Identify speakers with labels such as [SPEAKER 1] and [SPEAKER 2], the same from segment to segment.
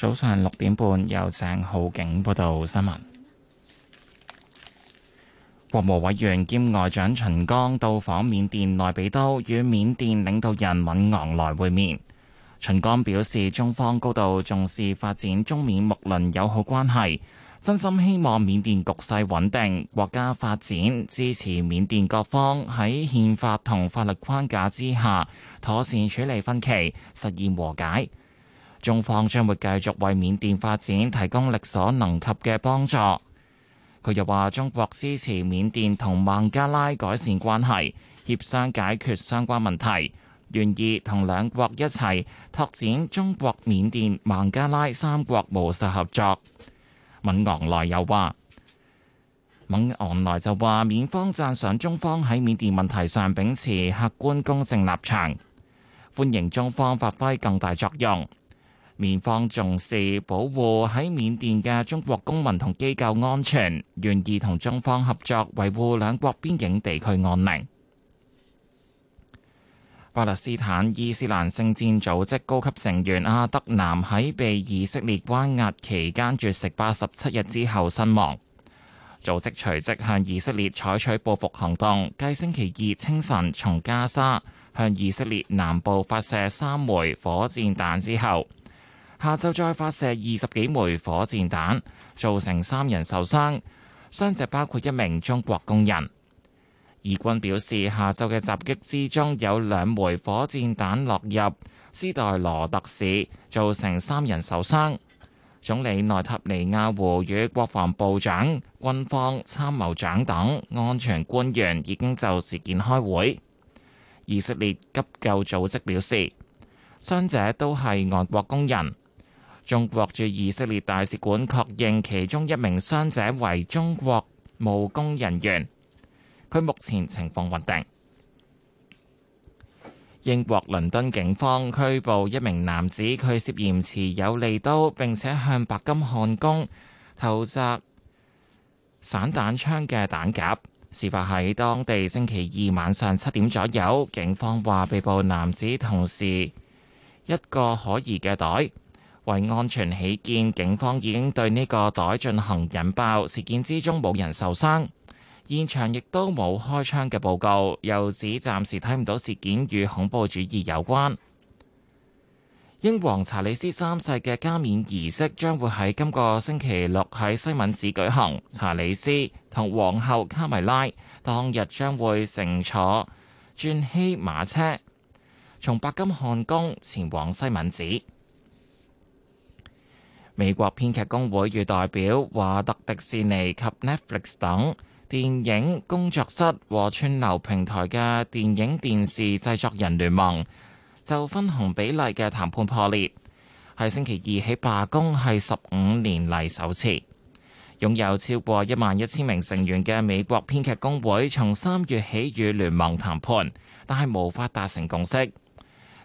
[SPEAKER 1] 早上六點半，有鄭浩景報道新聞。國務委員兼外長秦剛到訪緬甸內比都，與緬甸領導人敏昂萊會面。秦剛表示，中方高度重視發展中緬睦鄰友好關係，真心希望緬甸局勢穩定，國家發展，支持緬甸各方喺憲法同法律框架之下妥善處理分歧，實現和解。中方將會繼續為緬甸發展提供力所能及嘅幫助。佢又話：中國支持緬甸同孟加拉改善關係，協商解決相關問題，願意同兩國一齊拓展中國、緬甸、孟加拉三國務實合作。敏昂萊又話：敏昂萊就話，緬方讚賞中方喺緬甸問題上秉持客觀公正立場，歡迎中方發揮更大作用。緬方重視保護喺緬甸嘅中國公民同機構安全，願意同中方合作維護兩國邊境地區安寧。巴勒斯坦伊斯蘭聖戰組織高級成員阿德南喺被以色列關押期間絕食八十七日之後身亡，組織隨即向以色列採取報復行動，繼星期二清晨從加沙向以色列南部發射三枚火箭彈之後。下晝再發射二十幾枚火箭彈，造成三人受傷，傷者包括一名中國工人。以軍表示，下晝嘅襲擊之中有兩枚火箭彈落入斯代羅特市，造成三人受傷。總理內塔尼亞胡與國防部長、軍方參謀長等安全官員已經就事件開會。以色列急救組織表示，傷者都係外國工人。中國駐以色列大使館確認，其中一名傷者為中國務工人員，佢目前情況穩定。英國倫敦警方拘捕一名男子，佢涉嫌持有利刀，並且向白金漢宮投擲散彈槍嘅彈夾。事發喺當地星期二晚上七點左右。警方話，被捕男子同時一個可疑嘅袋。為安全起見，警方已經對呢個袋進行引爆。事件之中冇人受傷，現場亦都冇開槍嘅報告。又指暫時睇唔到事件與恐怖主義有關。英皇查理斯三世嘅加冕儀式將會喺今個星期六喺西敏寺舉行。查理斯同皇后卡米拉當日將會乘坐鑽禧馬車，從白金漢宮前往西敏寺。美國編劇工會與代表華特迪士尼及 Netflix 等電影工作室和串流平台嘅電影電視製作人聯盟就分紅比例嘅談判破裂，喺星期二起罷工係十五年嚟首次。擁有超過一萬一千名成員嘅美國編劇工會從三月起與聯盟談判，但係無法達成共識。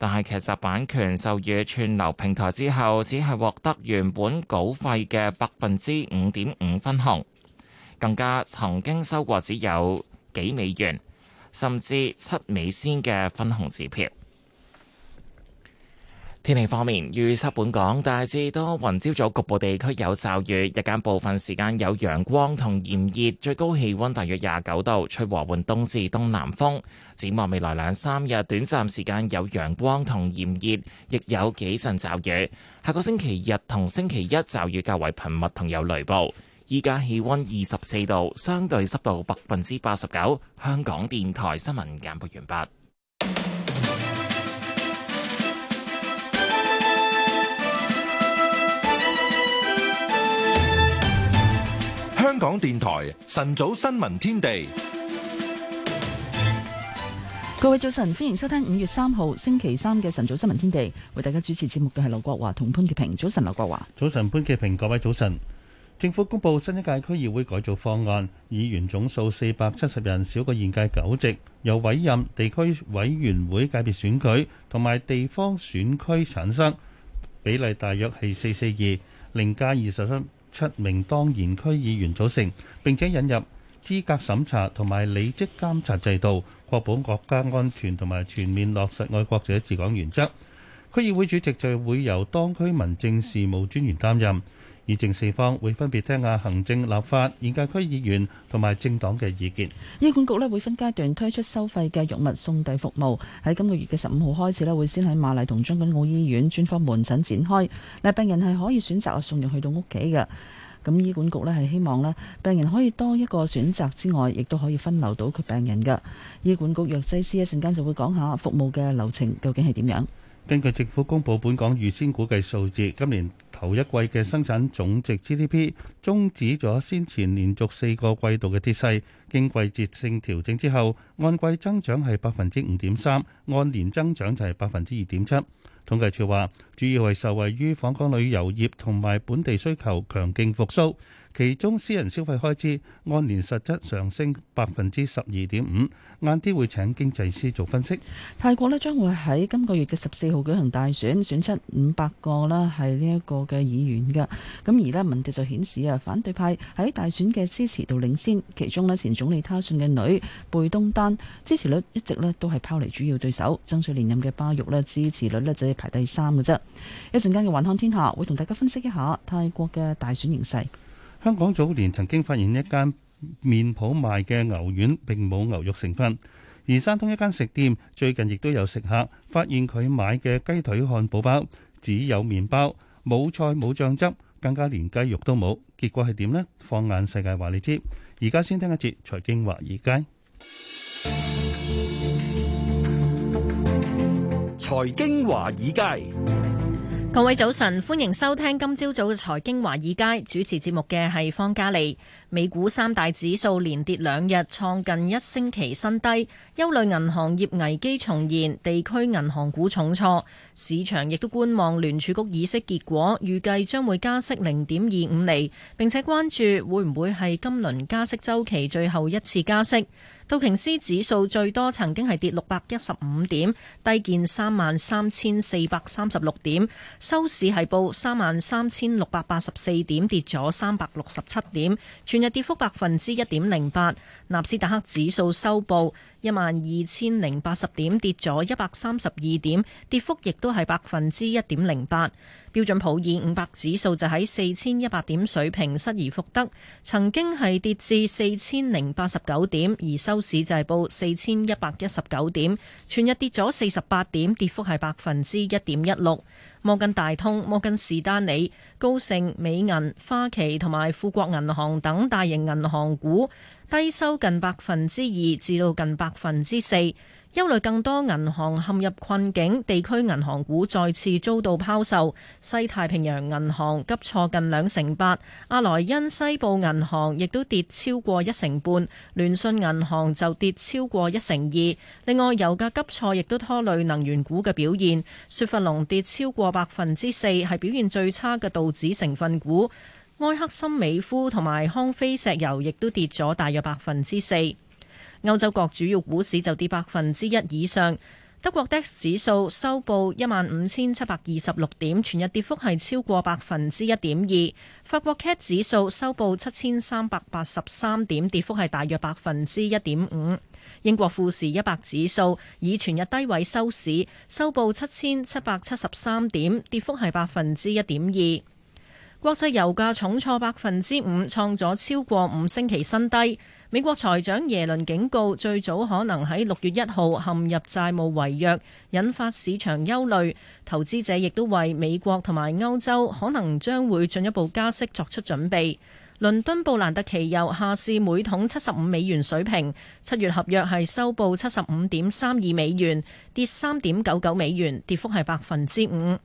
[SPEAKER 1] 但係劇集版權授予串流平台之後，只係獲得原本稿費嘅百分之五點五分紅，更加曾經收過只有幾美元，甚至七美仙嘅分紅支票。天氣方面，預測本港大致多雲，朝早局部地區有驟雨，日間部分時間有陽光同炎熱，最高氣溫大約廿九度，吹和緩東至東南風。展望未來兩三日，短暫時間有陽光同炎熱，亦有幾陣驟雨。下個星期日同星期一驟雨較為頻密同有雷暴。依家氣溫二十四度，相對濕度百分之八十九。香港電台新聞簡報完畢。
[SPEAKER 2] 香港電台晨早新聞天地，
[SPEAKER 3] 各位早晨，歡迎收聽五月三號星期三嘅晨早新聞天地，為大家主持節目嘅係劉國華同潘潔平。
[SPEAKER 4] 早晨，劉國華，早晨，潘潔平。各位早晨，政府公布新一屆區議會改造方案，議員總數四百七十人，少過現屆九席，由委任、地區委員會界別選舉同埋地方選區產生，比例大約係四四二，另加二十七。七名當然區議員組成，並且引入資格審查同埋履職監察制度，確保國家安全同埋全面落實愛國者治港原則。區議會主席就會由當區民政事務專員擔任。議政四方會分別聽下行政、立法、現屆區議員同埋政黨嘅意見。
[SPEAKER 3] 醫管局咧會分階段推出收費嘅藥物送遞服務，喺今個月嘅十五號開始咧會先喺瑪麗同將軍澳醫院專科門診展開。嗱，病人係可以選擇啊送入去到屋企嘅。咁醫管局咧係希望咧病人可以多一個選擇之外，亦都可以分流到佢病人嘅。醫管局藥劑師一陣間就會講下服務嘅流程究竟係點樣。
[SPEAKER 4] 根據政府公佈本港預先估計數字，今年頭一季嘅生產總值 GDP 終止咗先前連續四個季度嘅跌勢，經季節性調整之後，按季增長係百分之五點三，按年增長就係百分之二點七。統計處話，主要係受惠於訪港旅遊業同埋本地需求強勁復甦。其中私人消費開支按年實質上升百分之十二點五。晏啲會請經濟師做分析。泰國咧將會喺今個月嘅十四號舉行大選，選出五百個啦，係呢
[SPEAKER 3] 一個嘅議員嘅。咁而咧民調就顯示啊，反對派喺大選嘅支持度領先。其中咧前總理他信嘅女貝東丹支持率一直咧都係拋離主要對手爭取連任嘅巴育咧支持率咧就係排第三嘅啫。一陣間嘅《環看天下》
[SPEAKER 4] 會同大家分析一下泰國
[SPEAKER 3] 嘅大選形勢。
[SPEAKER 4] 香港早年曾經發現一間麵鋪賣嘅牛丸並冇牛肉成分，而山東一間食店最近亦都有食客發現佢買嘅雞腿漢堡包只有麵包冇菜冇醬汁，更加連雞肉都冇。結果係點呢？放眼世界話你知，而家先聽一節財經華爾街。財經華爾街。
[SPEAKER 5] 各位早晨，歡迎收聽今朝早嘅財經華爾街，主持節目嘅係方嘉利。美股三大指數連跌兩日，創近一星期新低，憂慮銀行業危機重現，地區銀行股重挫。市場亦都觀望聯儲局議息結果，預計將會加息零點二五厘，並且關注會唔會係今輪加息週期最後一次加息。道瓊斯指數最多曾經係跌六百一十五點，低見三萬三千四百三十六點，收市係報三萬三千六百八十四點，跌咗三百六十七點，全日跌幅百分之一點零八。納斯達克指數收報一萬二千零八十點，跌咗一百三十二點，跌幅亦都係百分之一點零八。標準普爾五百指數就喺四千一百點水平失而復得，曾經係跌至四千零八十九點，而收市就係報四千一百一十九點，全日跌咗四十八點，跌幅係百分之一點一六。摩根大通、摩根士丹利、高盛、美銀、花旗同埋富國銀行等大型銀行股低收近百分之二至到近百分之四。憂慮更多銀行陷入困境，地區銀行股再次遭到拋售。西太平洋銀行急挫近兩成八，阿萊恩西部銀行亦都跌超過一成半，聯信銀行就跌超過一成二。另外，油價急挫亦都拖累能源股嘅表現。雪佛龍跌超過百分之四，係表現最差嘅道指成分股。埃克森美孚同埋康菲石油亦都跌咗大約百分之四。歐洲各主要股市就跌百分之一以上，德國 DAX 指數收報一萬五千七百二十六點，全日跌幅係超過百分之一點二。法國 CAC 指數收報七千三百八十三點，跌幅係大約百分之一點五。英國富時一百指數以全日低位收市，收報七千七百七十三點，跌幅係百分之一點二。國際油價重挫百分之五，創咗超過五星期新低。美國財長耶倫警告，最早可能喺六月一號陷入債務違約，引發市場憂慮。投資者亦都為美國同埋歐洲可能將會進一步加息作出準備。倫敦布蘭特期油下市每桶七十五美元水平，七月合約係收報七十五點三二美元，跌三點九九美元，跌幅係百分之五。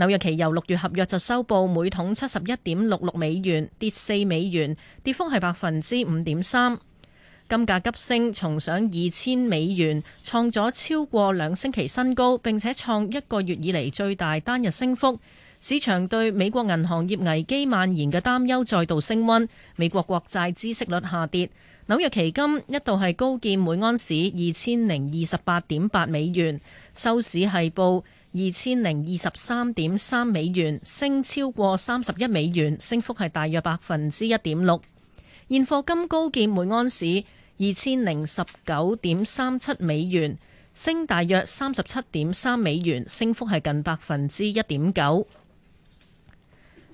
[SPEAKER 5] 紐約期油六月合約就收報每桶七十一點六六美元，跌四美元，跌幅係百分之五點三。金價急升，重上二千美元，創咗超過兩星期新高，並且創一個月以嚟最大單日升幅。市場對美國銀行業危機蔓延嘅擔憂再度升溫，美國國債孳息率下跌。紐約期金一度係高見每安士二千零二十八點八美元，收市係報，二千零二十三點三美元，升超過三十一美元，升幅係大約百分之一點六。現貨金高見每安士二千零十九點三七美元，升大約三十七點三美元，升幅係近百分之一點九。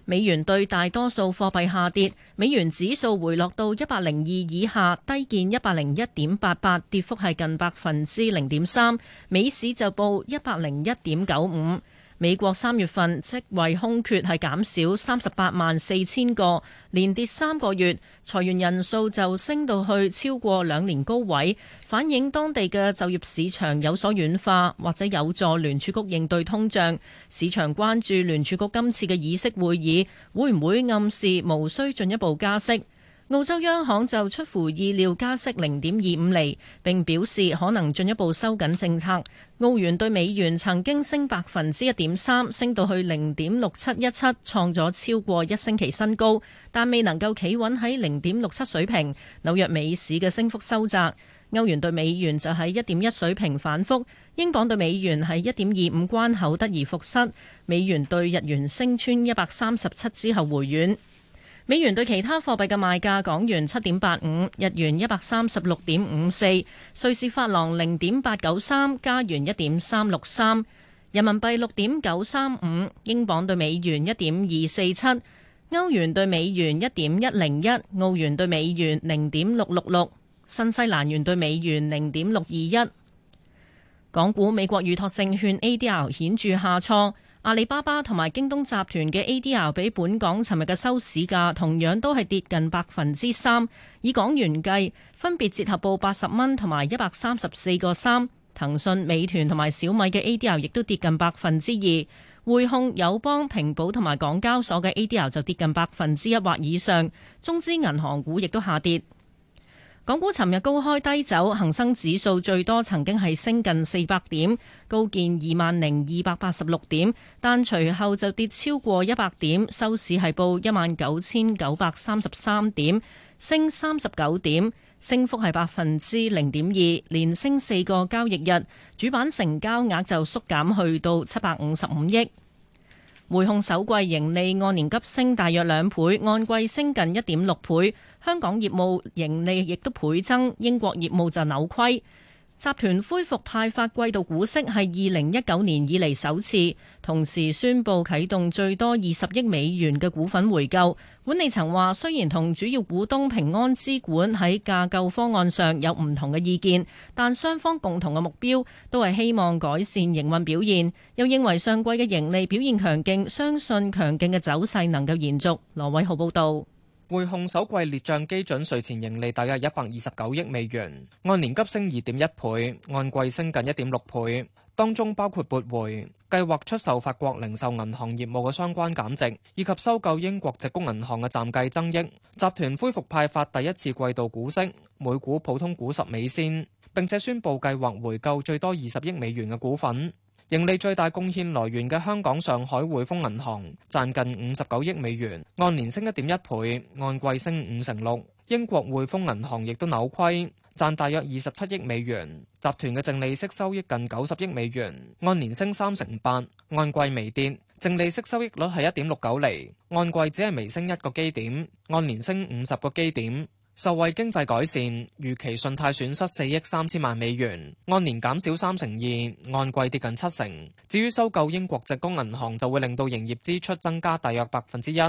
[SPEAKER 5] 美元對大多數貨幣下跌，美元指數回落到一百零二以下，低見一百零一點八八，跌幅係近百分之零點三，美市就報一百零一點九五。美國三月份職位空缺係減少三十八萬四千個，連跌三個月，裁員人數就升到去超過兩年高位，反映當地嘅就業市場有所軟化，或者有助聯儲局應對通脹。市場關注聯儲局今次嘅議息會議會唔會暗示無需進一步加息。澳洲央行就出乎意料加息零點二五厘，並表示可能進一步收緊政策。澳元兌美元曾經升百分之一點三，升到去零點六七一七，創咗超過一星期新高，但未能夠企穩喺零點六七水平。紐約美市嘅升幅收窄，歐元兌美元就喺一點一水平反復，英鎊兌美元喺一點二五關口得而復失，美元兌日元升穿一百三十七之後回軟。美元對其他貨幣嘅賣價：港元七點八五，日元一百三十六點五四，瑞士法郎零點八九三，加元一點三六三，人民幣六點九三五，英鎊對美元一點二四七，歐元對美元一點一零一，澳元對美元零點六六六，新西蘭元對美元零點六二一。港股美國預託證券 ADR 顯著下挫。阿里巴巴同埋京東集團嘅 ADR 比本港尋日嘅收市價同樣都係跌近百分之三，以港元計，分別折合報八十蚊同埋一百三十四個三。騰訊、美團同埋小米嘅 ADR 亦都跌近百分之二。匯控、友邦、平保同埋港交所嘅 ADR 就跌近百分之一或以上。中資銀行股亦都下跌。港股尋日高開低走，恒生指數最多曾經係升近四百點，高見二萬零二百八十六點，但隨後就跌超過一百點，收市係報一萬九千九百三十三點，升三十九點，升幅係百分之零點二，連升四個交易日，主板成交額就縮減去到七百五十五億。匯控首季盈利按年急升大約兩倍，按季升近一點六倍。香港業務盈利亦都倍增，英國業務就扭虧。集團恢復派發季度股息，係二零一九年以嚟首次，同時宣布啟動最多二十億美元嘅股份回購。管理層話，雖然同主要股東平安資管喺架構方案上有唔同嘅意見，但雙方共同嘅目標都係希望改善營運表現。又認為上季嘅盈利表現強勁，相信強勁嘅走勢能夠延續。羅偉豪報導。
[SPEAKER 6] 匯控首季列賬基準稅前盈利大約一百二十九億美元，按年急升二點一倍，按季升近一點六倍。當中包括撥回計劃出售法國零售銀行業務嘅相關減值，以及收購英國直工銀行嘅暫計增益。集團恢復派發第一次季度股息，每股普通股十美仙，並且宣布計劃回購最多二十億美元嘅股份。盈利最大貢獻來源嘅香港上海匯豐銀行賺近五十九億美元，按年升一點一倍，按季升五成六。英國匯豐銀行亦都扭虧，賺大約二十七億美元。集團嘅淨利息收益近九十億美元，按年升三成八，按季微跌。淨利息收益率係一點六九厘，按季只係微升一個基點，按年升五十個基點。受惠經濟改善，預期信貸損失四億三千萬美元，按年減少三成二，按季跌近七成。至於收購英國矽谷銀行，就會令到營業支出增加大約百分之一。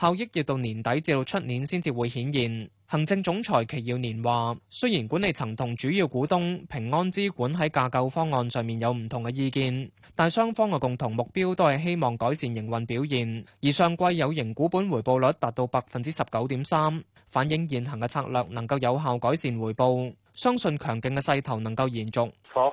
[SPEAKER 6] 效益要到年底至到出年先至會顯現。行政總裁祁耀年話，雖然管理層同主要股東平安資管喺架構方案上面有唔同嘅意見，但雙方嘅共同目標都係希望改善營運表現。而上季有形股本回報率達到百分之十九點三，反映現行嘅策略能夠有效改善回報，相信強勁嘅勢頭能夠延續。
[SPEAKER 4] Cost,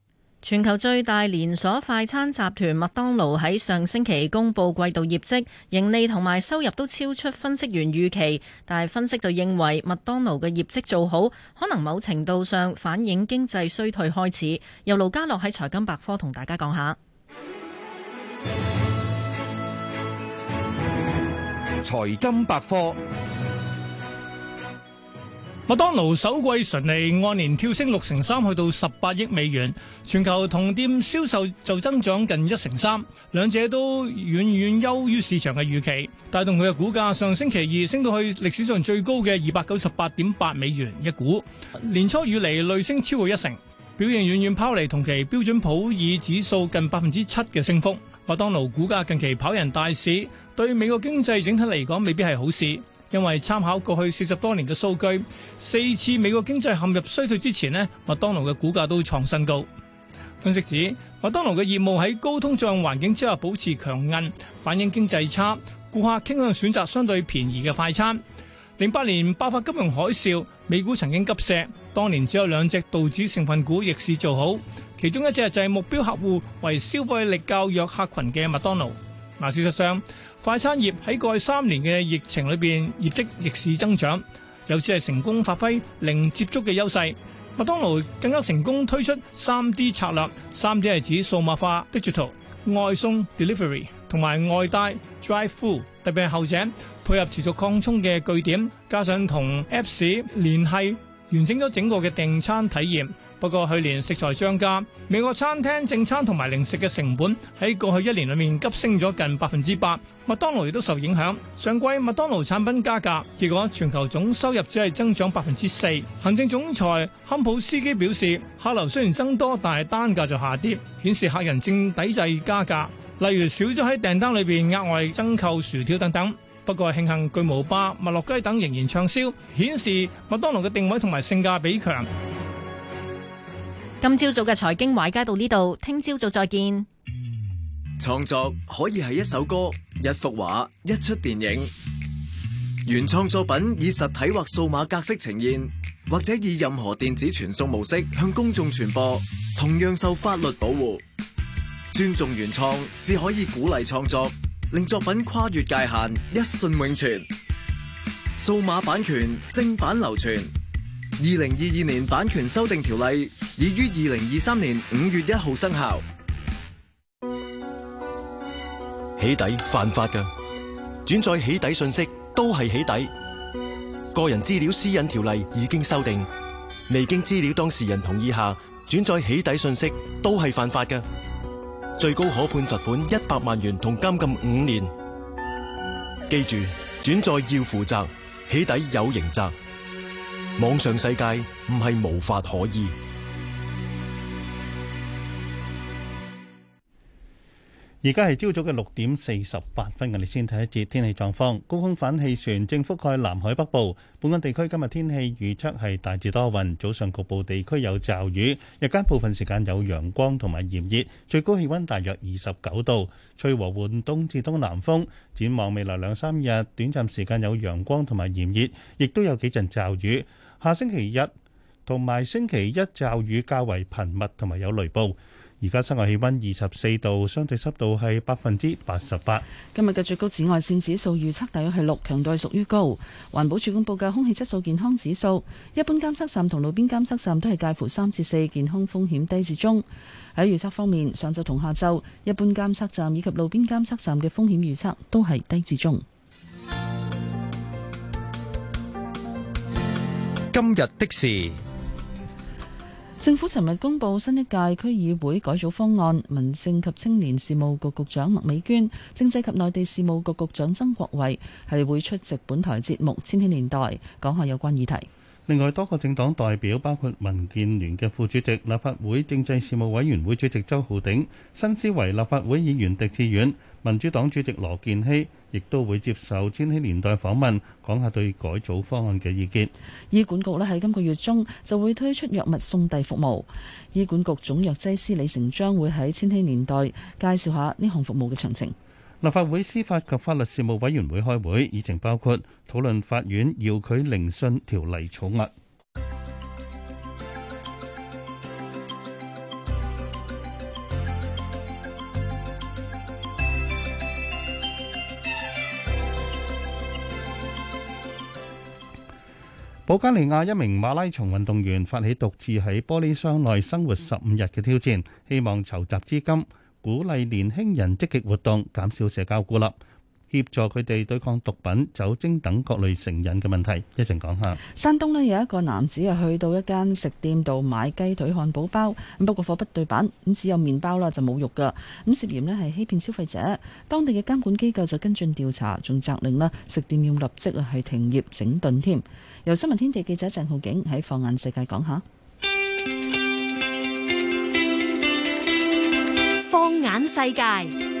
[SPEAKER 5] 全球最大連鎖快餐集團麥當勞喺上星期公布季度業績，盈利同埋收入都超出分析員預期，但係分析就認為麥當勞嘅業績做好，可能某程度上反映經濟衰退開始。由盧家樂喺財金百科同大家講下。
[SPEAKER 7] 財金百科。
[SPEAKER 2] 麥當勞首季純利按年跳升六成三，去到十八億美元，全球同店銷售就增長近一成三，兩者都遠遠優於市場嘅預期，帶動佢嘅股價上星期二升到去歷史上最高嘅二百九十八點八美元一股，年初以嚟累升超過一成，表現遠遠拋離同期標準普爾指數近百分之七嘅升幅。麥當勞股價近期跑贏大市，對美國經濟整體嚟講未必係好事。因為參考過去四十多年嘅數據，四次美國經濟陷入衰退之前咧，麥當勞嘅股價都創新高。分析指，麥當勞嘅業務喺高通脹環境之下保持強韌，反映經濟差，顧客傾向選擇相對便宜嘅快餐。零八年爆發金融海嘯，美股曾經急瀉，當年只有兩隻道指成分股逆市做好，其中一隻就係目標客戶為消費力較弱客群嘅麥當勞。嗱，事實上。快餐業喺過去三年嘅疫情裏邊業績逆市增長，由此係成功發揮零接觸嘅優勢。麥當勞更加成功推出三 D 策略，三即係指數碼化 （digital）、外送 （delivery） 同埋外帶 （drive thru）。特別係後者配合持續擴充嘅據點，加上同 Apps 聯繫，完整咗整個嘅訂餐體驗。不過去年食材漲價，美國餐廳正餐同埋零食嘅成本喺過去一年裏面急升咗近百分之八。麥當勞亦都受影響，上季麥當勞產品加價，結果全球總收入只係增長百分之四。行政總裁坎普斯基表示，客流雖然增多，但係單價就下跌，顯示客人正抵制加價。例如少咗喺訂單裏邊額外增購薯條等等。不過慶幸巨無霸、麥樂雞等仍然暢銷，顯示麥當勞嘅定位同埋性價比強。
[SPEAKER 5] 今朝早嘅財經華爾街到呢度，聽朝早再見。
[SPEAKER 8] 創作可以係一首歌、一幅畫、一出電影，原創作品以實體或數碼格式呈現，或者以任何電子傳送模式向公眾傳播，同樣受法律保護。尊重原創，只可以鼓勵創作，令作品跨越界限，一瞬永存。數碼版權，正版流傳。二零二二年版權修訂條例已於二零二三年五月一號生效，
[SPEAKER 2] 起底犯法㗎，轉載起底信息，都係起底。
[SPEAKER 9] 個人資料私隱條例已經修訂，未經資料當事人同意下轉載起底信息都係犯法㗎，最高可判罰款一百萬元同監禁五年。記住，轉載要負責，起底有刑責。網上世界唔係無法可依。而家係
[SPEAKER 4] 朝早嘅六點四十八分，我哋先睇一節天氣狀況。高空反氣旋正覆蓋南海北部，本港地區今日天氣預測係大致多雲，早上局部地區有驟雨，日間部分時間有陽光同埋炎熱，最高氣溫大約二十九度，吹和緩東至東南風。展望未來兩三日，短暫時間有陽光同埋炎熱，亦都有幾陣驟雨。下星期日同埋星期一驟雨較為頻密同埋有雷暴。而家室外氣溫二十四度，相對濕度係百分之八十八。今日嘅最高紫外線指數預測大約係六，強度屬於高。
[SPEAKER 3] 環保署公布嘅空氣質素健康指數，一般監測站同路邊監測站都係介乎三至四，健康風險低至中。喺預測方面，上晝同下晝，一般監測站以及路邊監測站嘅風險預測都係低至中。
[SPEAKER 8] 今日的事，
[SPEAKER 3] 政府尋日公布新一屆區議會改組方案。民政及青年事務局局長麥美娟、政制及內地事務局局長曾國衛係會出席本台節目《千禧年代》，講下有關議題。
[SPEAKER 4] 另外，多個政黨代表包括民建聯嘅副主席、立法會政制事務委員會主席周浩鼎、新思維立法會議員狄志遠、民主黨主席羅健熙。亦都會接受《千禧年代》訪問，講下對改組方案嘅意見。
[SPEAKER 3] 醫管局咧，喺今個月中就會推出藥物送遞服務。醫管局總藥劑師李成章將會喺《千禧年代》介紹下呢項服務嘅
[SPEAKER 4] 詳情。立法會司法及法律事務委員會開會，議程包括討論法院遙距聆訊條例草案。保加利亞一名馬拉松運動員發起獨自喺玻璃箱內生活十五日嘅挑戰，希望籌集資金，鼓勵年輕人積極活動，減少社交孤立，協助佢哋對抗毒品、酒精等各類成癮嘅問題。一陣講下。
[SPEAKER 3] 山東呢有一個男子係去到一間食店度買雞腿漢堡包，不過貨不對板，咁只有麵包啦就冇肉噶，咁涉嫌呢係欺騙消費者，當地嘅監管機構就跟進調查，仲責令呢食店要立即係停業整頓添。由新聞天地記者鄭浩景喺放眼世界講下。
[SPEAKER 10] 放眼世界。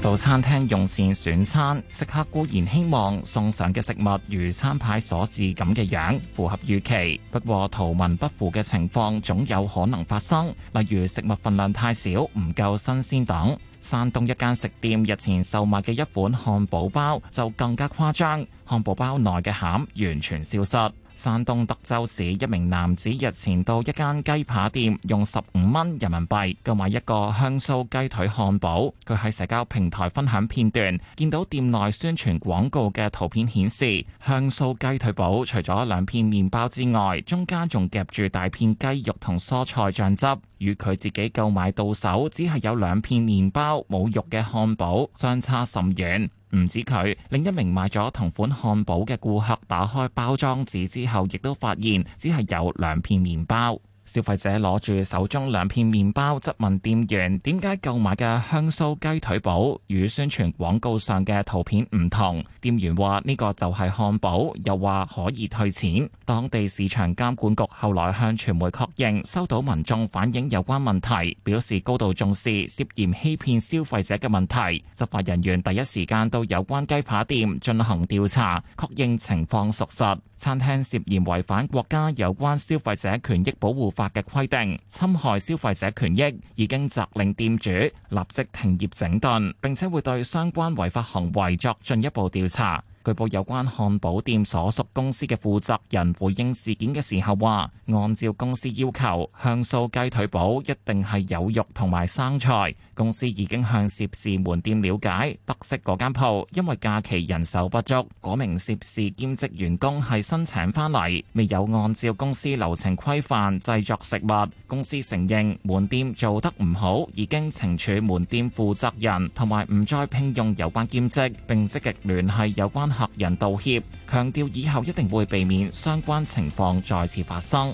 [SPEAKER 1] 到餐廳用膳選餐，食客固然希望送上嘅食物如餐牌所示咁嘅樣，符合預期。不過圖文不符嘅情況總有可能發生，例如食物份量太少、唔夠新鮮等。山東一間食店日前售賣嘅一款漢堡包就更加誇張，漢堡包內嘅餡完全消失。山東德州市一名男子日前到一間雞扒店，用十五蚊人民幣購買一個香酥雞腿漢堡。佢喺社交平台分享片段，見到店內宣傳廣告嘅圖片顯示，香酥雞腿堡除咗兩片麵包之外，中間仲夾住大片雞肉同蔬菜醬汁，與佢自己購買到手只係有兩片麵包冇肉嘅漢堡相差甚遠。唔止佢，另一名買咗同款漢堡嘅顧客打開包裝紙之後亦都發現只係有兩片麵包。消費者攞住手中兩片麵包，質問店員點解購買嘅香酥雞腿堡與宣傳廣告上嘅圖片唔同？店員話呢個就係漢堡，又話可以退錢。當地市場監管局後來向傳媒確認收到民眾反映有關問題，表示高度重視涉嫌欺騙消費者嘅問題，執法人員第一時間到有關雞扒店進行調查，確認情況屬實。餐廳涉嫌違反國家有關消費者權益保護法嘅規定，侵害消費者權益，已經責令店主立即停業整頓，並且會對相關違法行為作進一步調查。據報有關漢堡店所屬公司嘅負責人回應事件嘅時候話，按照公司要求，香酥雞腿堡一定係有肉同埋生菜。公司已經向涉事門店了解，得悉嗰間鋪因為假期人手不足，嗰名涉事兼職員工係新請翻嚟，未有按照公司流程規範製作食物。公司承認門店做得唔好，已經懲處門店負責人，同埋唔再聘用有關兼職，並積極聯繫有關。客人道歉，強調以後一定會避免相關情況再次發生。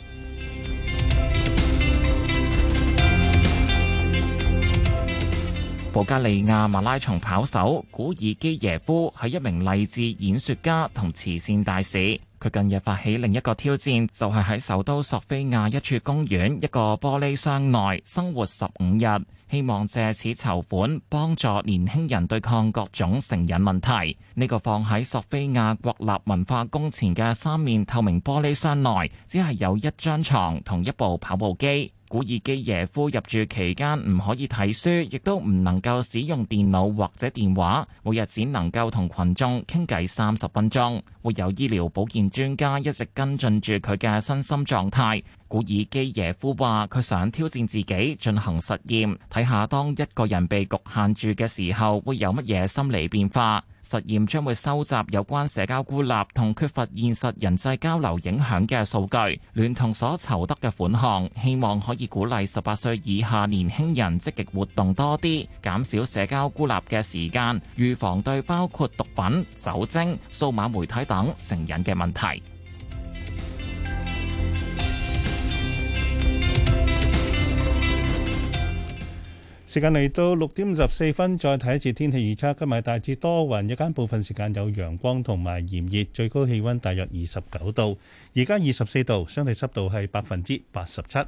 [SPEAKER 1] 保 加利亞馬拉松跑手古爾基耶夫係一名勵志演說家同慈善大使，佢近日發起另一個挑戰，就係、是、喺首都索菲亞一處公園一個玻璃箱內生活十五日。希望借此籌款，幫助年輕人對抗各種成癮問題。呢個放喺索菲亞國立文化宮前嘅三面透明玻璃箱內，只係有一張牀同一部跑步機。古爾基耶夫入住期間唔可以睇書，亦都唔能夠使用電腦或者電話，每日只能夠同群眾傾偈三十分鐘。會有醫療保健專家一直跟進住佢嘅身心狀態。古爾基耶夫話，佢想挑戰自己進行實驗，睇下當一個人被局限住嘅時候會有乜嘢心理變化。實驗將會收集有關社交孤立同缺乏現實人際交流影響嘅數據。聯同所籌得嘅款項，希望可以鼓勵十八歲以下年輕人積極活動多啲，減少社交孤立嘅時間，預防對包括毒品、酒精、數碼媒體等成癮嘅問題。
[SPEAKER 4] 時間嚟到六點五十四分，再睇一次天氣預測。今日大致多雲，日間部分時間有陽光同埋炎熱，最高氣溫大約二十九度。而家二十四度，相對濕度係百分之八十七。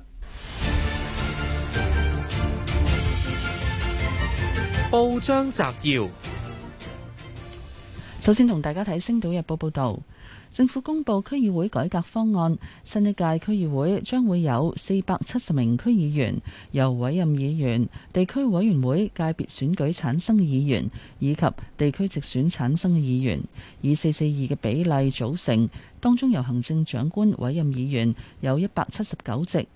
[SPEAKER 4] 報章摘
[SPEAKER 11] 要，
[SPEAKER 3] 首先同大家睇《星島日報》報道。政府公布區議會改革方案，新一屆區議會將會有四百七十名區議員，由委任議員、地區委員會界別選舉產生嘅議員以及地區直選產生嘅議員，以四四二嘅比例組成。當中由行政長官委任議員有一百七十九席，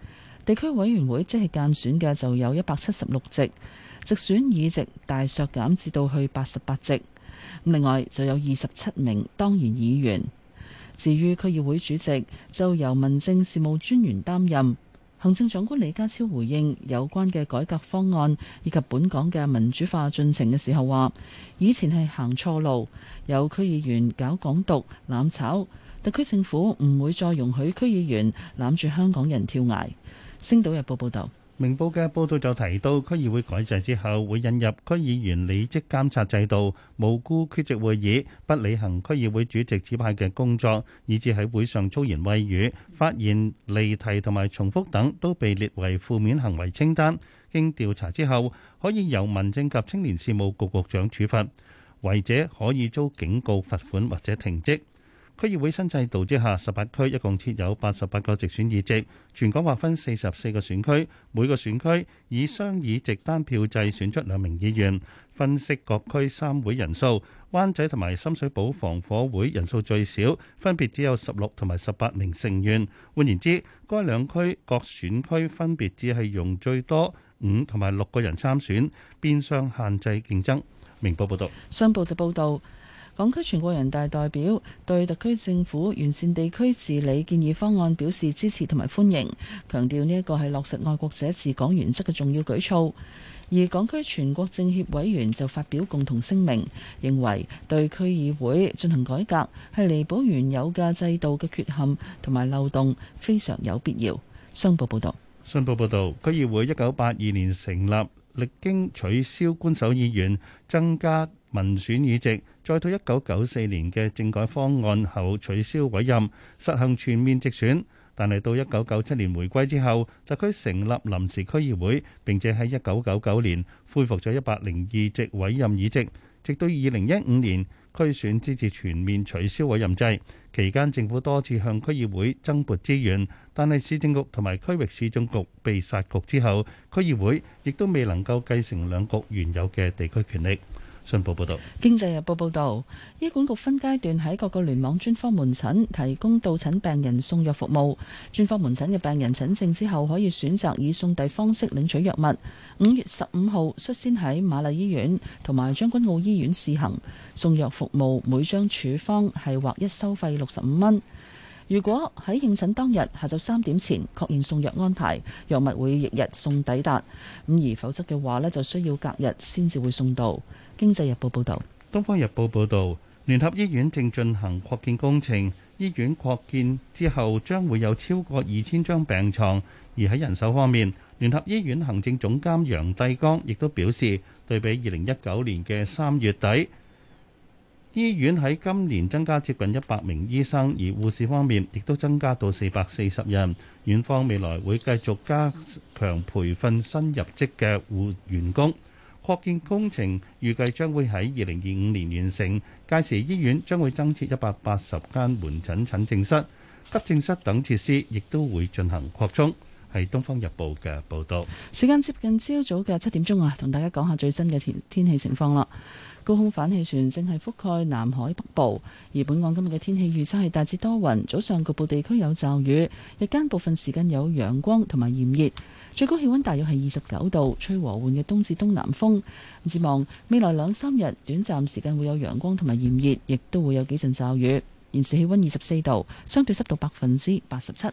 [SPEAKER 3] 地區委員會即係間選嘅就有一百七十六席，直選議席大削減至到去八十八席。另外就有二十七名當然議員。至於區議會主席，就由民政事務專員擔任。行政長官李家超回應有關嘅改革方案以及本港嘅民主化進程嘅時候話：以前係行錯路，有區議員搞港獨、攬炒，特區政府唔會再容許區議員攬住香港人跳崖。星島日報報道。
[SPEAKER 4] 明報嘅報道就提到，區議會改制之後會引入區議員履職監察制度，無故缺席會議、不履行區議會主席指派嘅工作，以至喺會上粗言穢語、發言離題同埋重複等，都被列為負面行為清單。經調查之後，可以由民政及青年事務局局長處罰，違者可以遭警告、罰款或者停職。區議會新制度之下，十八區一共設有八十八個直選議席，全港劃分四十四個選區，每個選區以雙議席單票制選出兩名議員。分析各區三會人數，灣仔同埋深水埗防火會人數最少，分別只有十六同埋十八名成員。換言之，該兩區各選區分別只係用最多五同埋六個人參選，變相限制競爭。明報報道。
[SPEAKER 3] 商報就報導。港區全國人大代表對特區政府完善地區治理建議方案表示支持同埋歡迎，強調呢一個係落實愛國者治港原則嘅重要舉措。而港區全國政協委員就發表共同聲明，認為對區議會進行改革係彌補原有嘅制度嘅缺陷同埋漏洞，非常有必要。商報報道。
[SPEAKER 4] 商報報導，區議會一九八二年成立，歷經取消官守議員，增加民選議席，再到一九九四年嘅政改方案後取消委任，實行全面直選。但係到一九九七年回歸之後，特區成立臨時區議會，並且喺一九九九年恢復咗一百零二席委任議席，直到二零一五年區選之時全面取消委任制。期間政府多次向區議會增撥資源，但係市政局同埋區域市政局被殺局之後，區議會亦都未能夠繼承兩局原有嘅地區權力。信報報道，
[SPEAKER 3] 經濟日報報道，醫管局分階段喺各個聯網專科門診提供到診病人送藥服務。專科門診嘅病人診症之後，可以選擇以送遞方式領取藥物。五月十五號率先喺瑪麗醫院同埋將軍澳醫院試行送藥服務，每張處方係劃一收費六十五蚊。如果喺應診當日下晝三點前確認送藥安排，藥物會翌日送抵達。咁而否則嘅話咧，就需要隔日先至會送到。經濟日報報道，
[SPEAKER 4] 東方日報報導，聯合醫院正進行擴建工程，醫院擴建之後將會有超過二千張病床。而喺人手方面，聯合醫院行政總監楊帝剛亦都表示，對比二零一九年嘅三月底。醫院喺今年增加接近一百名醫生，而護士方面亦都增加到四百四十人。院方未來會繼續加強培訓新入職嘅護員工。擴建工程預計將會喺二零二五年完成，屆時醫院將會增設一百八十間門診診症室、急症室等設施，亦都會進行擴充。係《東方日報》嘅報道。
[SPEAKER 3] 時間接近朝早嘅七點鐘啊，同大家講下最新嘅天天氣情況啦。高空反氣旋正係覆蓋南海北部，而本港今日嘅天氣預測係大致多雲，早上局部地區有驟雨，日間部分時間有陽光同埋炎熱，最高氣溫大約係二十九度，吹和緩嘅東至東南風。展望未來兩三日，短暫時間會有陽光同埋炎熱，亦都會有幾陣驟雨。現時氣溫二十四度，
[SPEAKER 12] 相對濕度百分之八十七。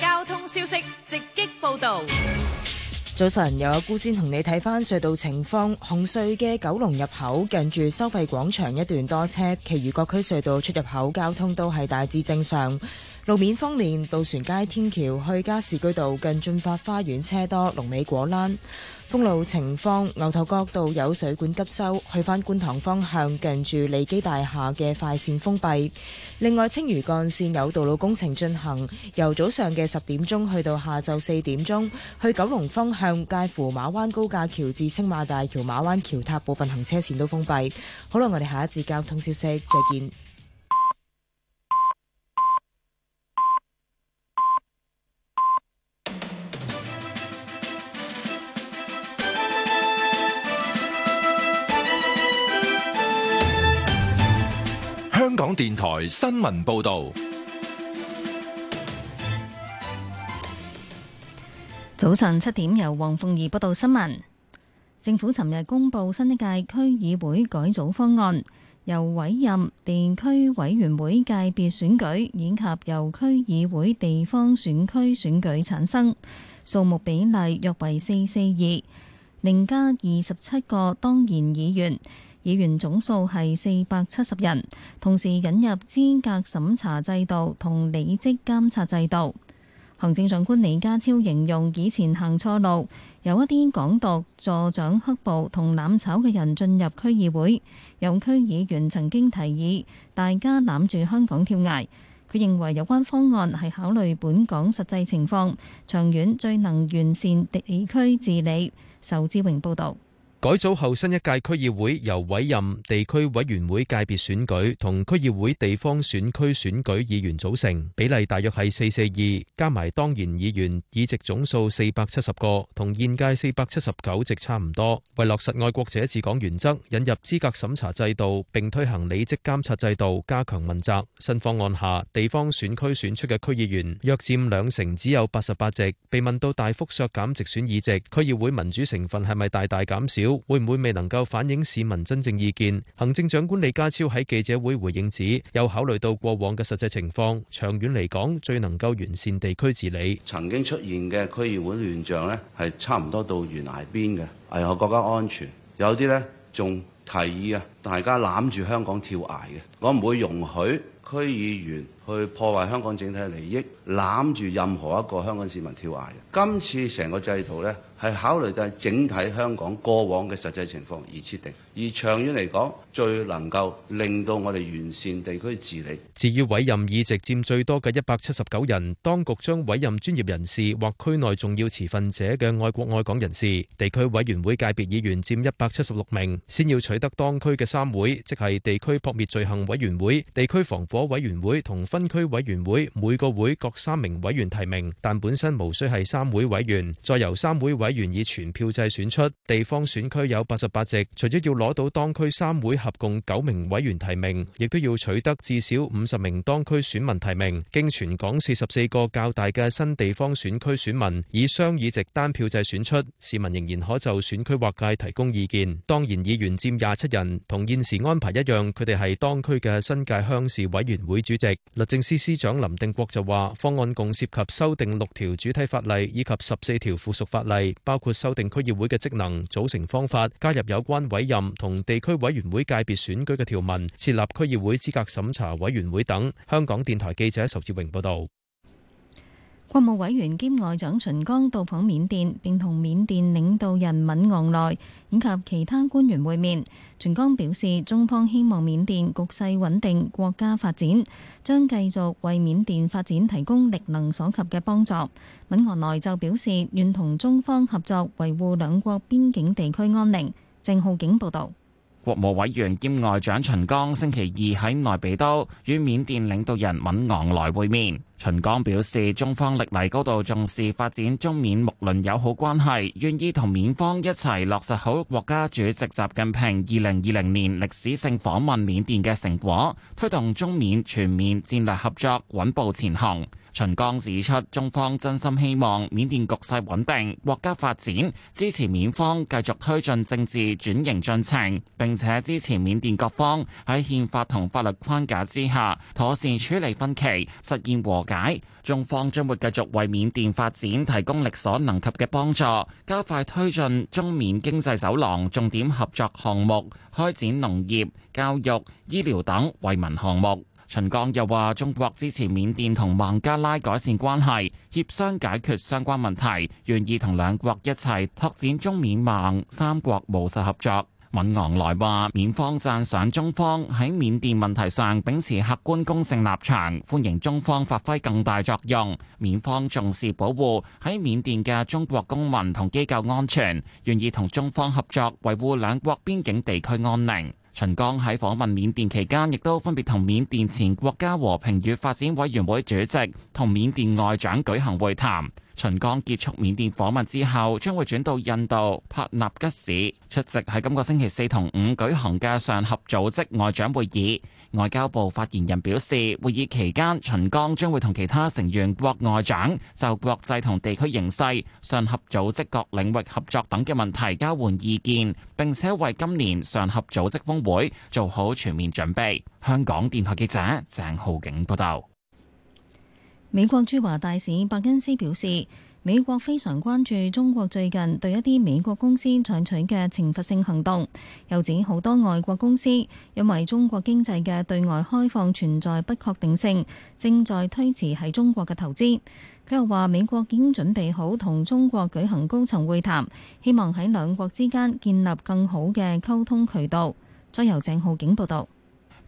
[SPEAKER 13] 交通消息直擊報
[SPEAKER 3] 道。
[SPEAKER 12] 早晨，有個姑先同你睇翻隧道情況。紅隧嘅九龍入口近住收費廣場一段多車，其餘各區隧道出入口交通都係大致正常。路面方面，渡船街天橋去加士居道近駿發花園車多，龍尾果欄。封路情況，牛頭角道有水管急收，去翻觀塘方向近住利基大廈嘅快綫封閉。另外，青嶼幹綫有道路工程進行，由早上嘅十點鐘去到下晝四點鐘，去九龍方向介乎馬灣高架橋至青馬大橋馬灣橋塔部分行車綫都封閉。好啦，我哋下一節交通消息再見。
[SPEAKER 2] 香港電台新聞報道，
[SPEAKER 10] 早晨七點由黃鳳儀報道新聞。政府尋日公布新一屆區議會改組方案，由委任、地區委員會界別選舉以及由區議會地方選區選舉產生，數目比例約為四四二，另加二十七個當然議員。議員總數係四百七十人，同時引入資格審查制度同履職監察制度。行政長官李家超形容以前行錯路，有一啲港獨、助長黑暴同攬炒嘅人進入區議會，有區議員曾經提議大家攬住香港跳崖。佢認為有關方案係考慮本港實際情況，長遠最能完善地區治理。仇志榮報導。
[SPEAKER 8] 改組後，新一屆區議會由委任、地區委員會界別選舉同區議會地方選區選舉議員組成，比例大約係四四二，加埋當然議員，議席總數四百七十個，同現屆四百七十九席差唔多。為落實愛國者治港原則，引入資格審查制度，並推行履職監察制度，加強問責。新方案下，地方選區選出嘅區議員約佔兩成，只有八十八席。被問到大幅削減直選議席，區議會民主成分係咪大大減少？會唔會未能夠反映市民真正意見？行政長官李家超喺記者會回應指，有考慮到過往嘅實際情況，長遠嚟講最能夠完善地區治理。
[SPEAKER 7] 曾經出現嘅區議會亂象咧，係差唔多到懸崖邊嘅。維、哎、護國家安全，有啲咧仲提議啊，大家攬住香港跳崖嘅，我唔會容許區議員去破壞香港整體利益，攬住任何一個香港市民跳崖。今次成個制度咧。係考慮到整體香港過往嘅實際情況而設定。而長遠嚟講，最能夠令到我哋完善地區治理。
[SPEAKER 8] 至於委任議席佔最多嘅一百七十九人，當局將委任專業人士或區內重要持份者嘅愛國愛港人士、地區委員會界別議員佔一百七十六名，先要取得當區嘅三會，即係地區撲滅罪行委員會、地區防火委員會同分區委員會每個會各三名委員提名，但本身無需係三會委員，再由三會委員以全票制選出。地方選區有八十八席，除咗要落，攞到當區三會合共九名委員提名，亦都要取得至少五十名當區選民提名。經全港四十四個較大嘅新地方選區選民以雙議席單票制選出。市民仍然可就選區劃界提供意見。當然，議員佔廿七人，同現時安排一樣，佢哋係當區嘅新界鄉事委員會主席。律政司司長林定國就話，方案共涉及修訂六條主體法例以及十四條附屬法例，包括修訂區議會嘅職能組成方法，加入有關委任，同地區委員會界別選舉嘅條文，設立區議會資格審查委員會等。香港電台記者仇志榮報道。
[SPEAKER 10] 國務委員兼外長秦剛到訪緬甸，並同緬甸領導人敏昂萊以及其他官員會面。秦剛表示，中方希望緬甸局勢穩定，國家發展，將繼續為緬甸發展提供力能所及嘅幫助。敏昂萊就表示，願同中方合作，維護兩國邊境地區安寧。鄭浩景報道，
[SPEAKER 1] 國務委員兼外長秦剛星期二喺內比都與緬甸領導人敏昂萊會面。秦剛表示，中方歷來高度重視發展中緬睦鄰友好關係，願意同緬方一齊落實好國家主席習近平二零二零年歷史性訪問緬甸嘅成果，推動中緬全面戰略合作穩步前行。秦剛指出，中方真心希望緬甸局勢穩定、國家發展，支持緬方繼續推進政治轉型進程，並且支持緬甸各方喺憲法同法律框架之下妥善處理分歧，實現和解。中方將會繼續為緬甸發展提供力所能及嘅幫助，加快推進中緬經濟走廊重點合作項目，開展農業、教育、醫療等惠民項目。秦剛又話：中國支持緬甸同孟加拉改善關係，協商解決相關問題，願意同兩國一齊拓展中緬孟三國務實合作。敏昂萊話：緬方讚賞中方喺緬甸問題上秉持客觀公正立場，歡迎中方發揮更大作用。緬方重視保護喺緬甸嘅中國公民同機構安全，願意同中方合作維護兩國邊境地區安寧。秦剛喺訪問緬甸期間，亦都分別同緬甸前國家和平與發展委員會主席、同緬甸外長舉行會談。秦剛結束緬甸訪問之後，將會轉到印度帕納吉市出席喺今個星期四同五舉行嘅上合組織外長會議。外交部發言人表示，會議期間，秦剛將會同其他成員國外長就國際同地區形勢、上合組織各領域合作等嘅問題交換意見，並且為今年上合組織峰會做好全面準備。香港電台記者鄭浩景報道。
[SPEAKER 10] 美國駐華大使伯恩斯表示。美國非常關注中國最近對一啲美國公司採取嘅懲罰性行動，又指好多外國公司因為中國經濟嘅對外開放存在不確定性，正在推遲喺中國嘅投資。佢又話美國已經準備好同中國舉行高層會談，希望喺兩國之間建立更好嘅溝通渠道。再由鄭浩景報道。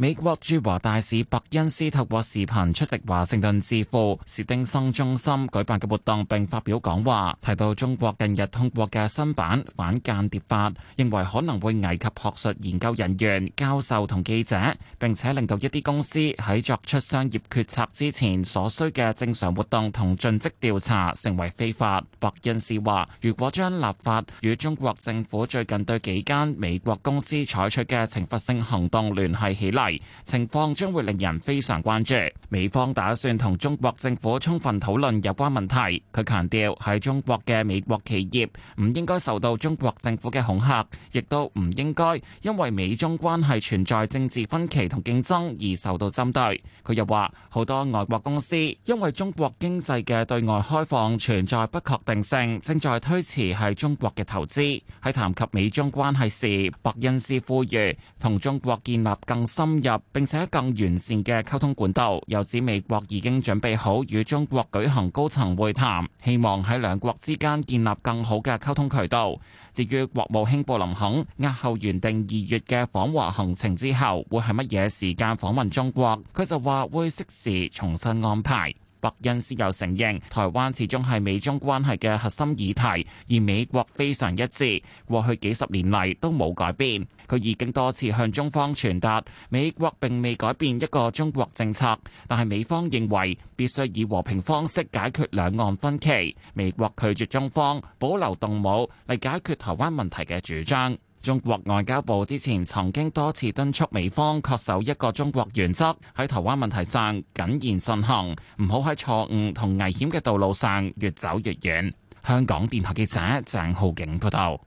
[SPEAKER 1] 美國駐華大使白恩斯透過視頻出席華盛頓智庫史汀生中心舉辦嘅活動，並發表講話，提到中國近日通過嘅新版反間諜法，認為可能會危及學術研究人員、教授同記者，並且令到一啲公司喺作出商業決策之前所需嘅正常活動同盡職調查成為非法。白恩斯話：如果將立法與中國政府最近對幾間美國公司採取嘅懲罰性行動聯繫起嚟，情況將會令人非常關注。美方打算同中國政府充分討論有關問題。佢強調喺中國嘅美國企業唔應該受到中國政府嘅恐吓，亦都唔應該因為美中關係存在政治分歧同競爭而受到針對。佢又話好多外國公司因為中國經濟嘅對外開放存在不確定性，正在推遲喺中國嘅投資。喺談及美中關係時，伯恩斯呼籲同中國建立更深入並且更完善嘅溝通管道，又指美國已經準備好與中國舉行高層會談，希望喺兩國之間建立更好嘅溝通渠道。至於國務卿布林肯押後原定二月嘅訪華行程之後，會係乜嘢時間訪問中國？佢就話會適時重新安排。伯恩斯又承認台灣始終係美中關係嘅核心議題，而美國非常一致，過去幾十年嚟都冇改變，佢已經多次向中方傳達美國並未改變一個中國政策，但係美方認為必須以和平方式解決兩岸分歧。美國拒絕中方保留動武嚟解決台灣問題嘅主張。中國外交部之前曾經多次敦促美方恪守一個中國原則，喺台灣問題上謹言慎行，唔好喺錯誤同危險嘅道路上越走越遠。香港電台記者鄭浩景報道。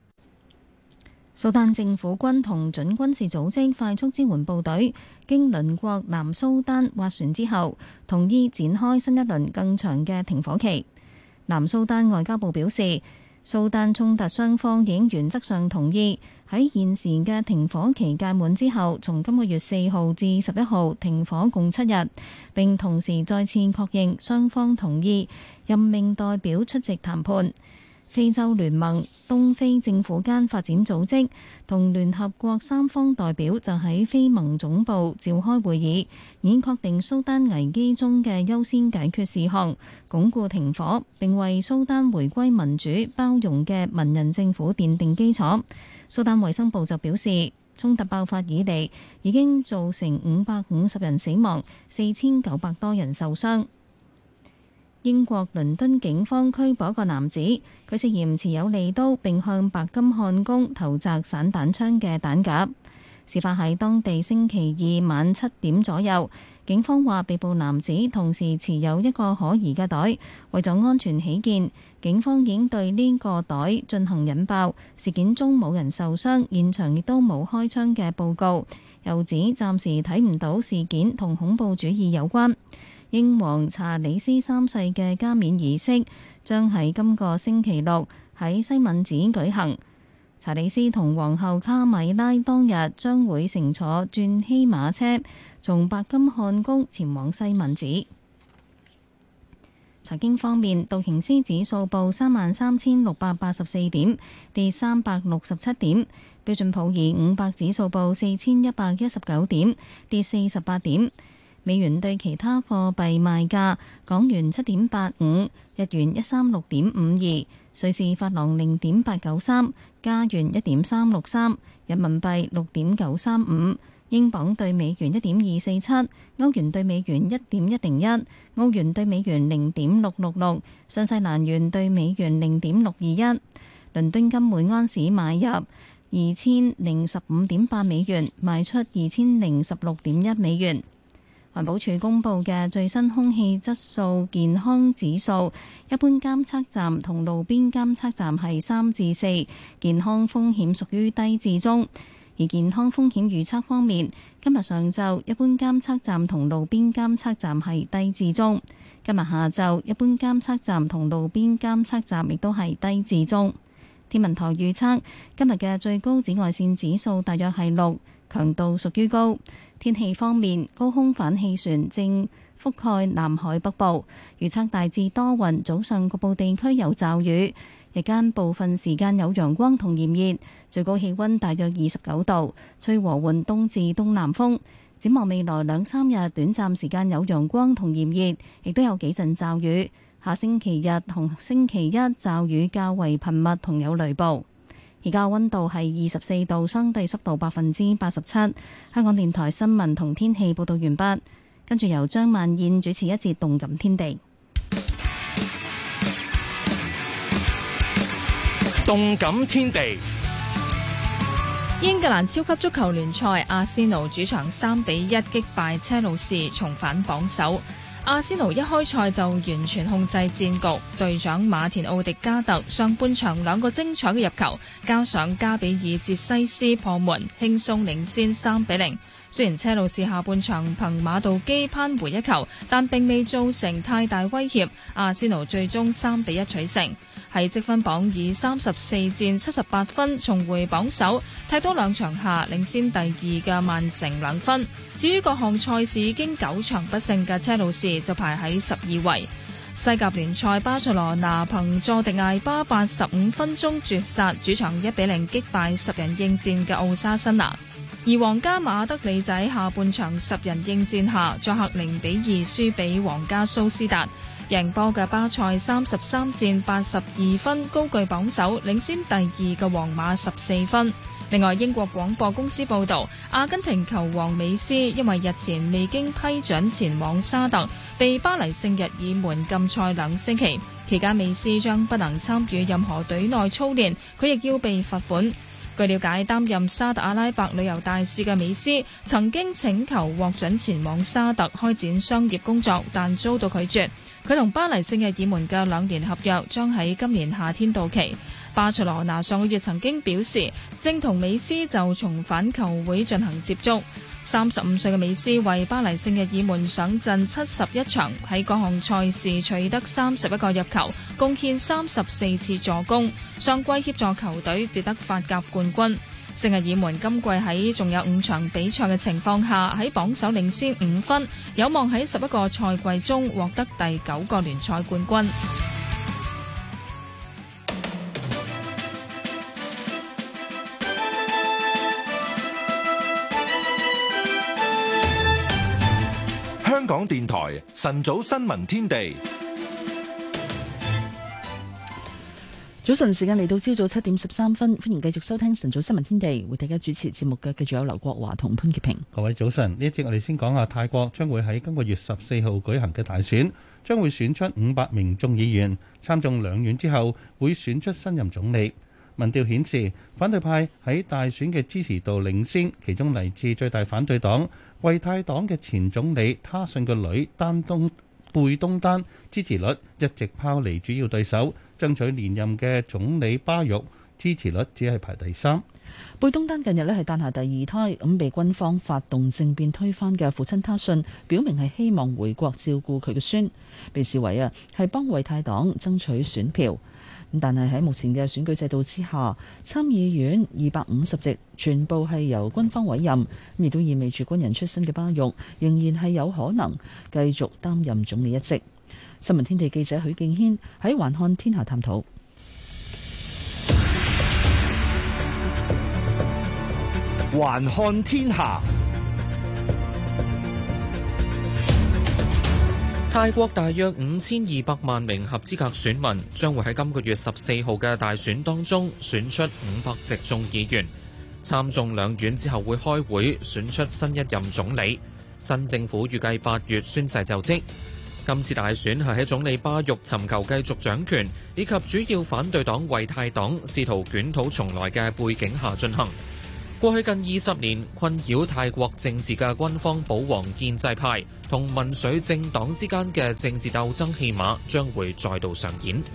[SPEAKER 10] 蘇丹政府軍同準軍事組織快速支援部隊經鄰國南蘇丹斡旋之後，同意展開新一輪更長嘅停火期。南蘇丹外交部表示，蘇丹衝突雙方已經原則上同意。喺現時嘅停火期屆滿之後，從今個月四號至十一號停火共七日，並同時再次確認雙方同意任命代表出席談判。非洲聯盟、東非政府間發展組織同聯合國三方代表就喺非盟總部召開會議，以確定蘇丹危機中嘅優先解決事項，鞏固停火，並為蘇丹回歸民主包容嘅文人政府奠定基礎。蘇丹衛生部就表示，衝突爆發以嚟已經造成五百五十人死亡，四千九百多人受傷。英國倫敦警方拘捕一個男子，佢涉嫌持有利刀並向白金漢宮投擲散彈槍嘅彈夾。事發喺當地星期二晚七點左右。警方話被捕男子同時持有一個可疑嘅袋，為咗安全起見，警方已經對呢個袋進行引爆。事件中冇人受傷，現場亦都冇開槍嘅報告。又指暫時睇唔到事件同恐怖主義有關。英皇查理斯三世嘅加冕儀式將喺今個星期六喺西敏寺舉行。查理斯同皇后卡米拉當日將會乘坐鑽禧馬車，從白金漢宮前往西敏寺。財經方面，道瓊斯指數報三萬三千六百八十四點，跌三百六十七點；標準普爾五百指數報四千一百一十九點，跌四十八點。美元對其他貨幣賣價：港元七點八五，日元一三六點五二。瑞士法郎零點八九三，加元一點三六三，人民幣六點九三五，英鎊兌美元一點二四七，歐元兌美元一點一零一，澳元兌美元零點六六六，新西蘭元兌美元零點六二一。倫敦金每安士買入二千零十五點八美元，賣出二千零十六點一美元。環保署公布嘅最新空氣質素健康指數，一般監測站同路邊監測站係三至四，健康風險屬於低至中。而健康風險預測方面，今日上晝一般監測站同路邊監測站係低至中，今日下晝一般監測站同路邊監測站亦都係低至中。天文台預測，今日嘅最高紫外線指數大約係六，強度屬於高。天氣方面，高空反氣旋正覆蓋南海北部，預測大致多雲，早上局部地區有驟雨，日間部分時間有陽光同炎熱，最高氣温大約二十九度，吹和緩東至東南風。展望未來兩三日，短暫時間有陽光同炎熱，亦都有幾陣驟雨。下星期日同星期一驟雨較為頻密，同有雷暴。而家溫度係二十四度，相對濕度百分之八十七。香港電台新聞同天氣報道完畢。跟住由張曼燕主持一節動感天地。
[SPEAKER 9] 動感天地。
[SPEAKER 10] 英格蘭超級足球聯
[SPEAKER 13] 賽，阿仙奴主場三比一擊敗車路士，重返榜首。阿仙奴一開賽就完全控制戰局，隊長馬田奧迪加特上半場兩個精彩嘅入球，加上加比爾捷西斯破門，輕鬆領先三比零。雖然車路士下半場憑馬道基扳回一球，但並未造成太大威脅。阿仙奴最終三比一取勝。喺積分榜以三十四戰七十八分重回榜首，踢多兩場下領先第二嘅曼城兩分。至於各項賽事已經九場不勝嘅車路士就排喺十二位。西甲聯賽，巴塞羅那憑佐迪艾巴八十五分鐘絕殺，主場一比零擊敗十人應戰嘅奧沙辛拿。而皇家馬德里仔下半場十人應戰下作客零比二輸俾皇家蘇斯達。贏波嘅巴塞三十三戰八十二分高居榜首，領先第二個皇馬十四分。另外，英國廣播公司報導，阿根廷球王美斯因為日前未經批准前往沙特，被巴黎聖日耳門禁賽兩星期，期間美斯將不能參與任何隊內操練，佢亦要被罰款。據了解，擔任沙特阿拉伯旅遊大使嘅美斯，曾經請求獲准前往沙特開展商業工作，但遭到拒絕。佢同巴黎聖日耳門嘅兩年合約將喺今年夏天到期。巴塞羅那上個月曾經表示，正同美斯就重返球會進行接觸。三十五歲嘅美斯為巴黎聖日耳門上陣七十一場，喺各項賽事取得三十一個入球，貢獻三十四次助攻。上季協助球隊奪得法甲冠軍。聖日耳門今季喺仲有五場比賽嘅情況下，喺榜首領先五分，有望喺十一個賽季中獲得第九個聯賽冠軍。
[SPEAKER 2] 香港電台晨早新聞天地，
[SPEAKER 3] 早晨時間嚟到，朝早七點十三分，歡迎繼續收聽晨早新聞天地，為大家主持節目嘅繼續有劉國華同潘潔平。
[SPEAKER 4] 各位早晨，呢一節我哋先講下泰國將會喺今個月十四號舉行嘅大選，將會選出五百名眾議員，參眾兩院之後會選出新任總理。民調顯示，反對派喺大選嘅支持度領先，其中嚟自最大反對黨。衛泰黨嘅前總理他信嘅女丹東貝東丹支持率一直拋離主要對手，爭取連任嘅總理巴育支持率只係排第三。
[SPEAKER 3] 貝東丹近日咧係誕下第二胎，咁被軍方發動政變推翻嘅父親他信，表明係希望回國照顧佢嘅孫，被視為啊係幫衛泰黨爭取選票。但係喺目前嘅選舉制度之下，參議院二百五十席全部係由軍方委任，亦都意味住軍人出身嘅巴育仍然係有可能繼續擔任總理一職。新聞天地記者許敬軒喺《環看天下》探討《環看
[SPEAKER 11] 天下》。泰國大約五千二百萬名合資格選民，將會喺今個月十四號嘅大選當中選出五百席眾議員。參眾兩院之後會開會選出新一任總理，新政府預計八月宣誓就職。今次大選係喺總理巴育尋求繼續掌權，以及主要反對黨為泰黨試圖捲土重來嘅背景下進行。過去近二十年困擾泰國政治嘅軍方保皇建制派同民粹政黨之間嘅政治鬥爭戲碼將會再度上演。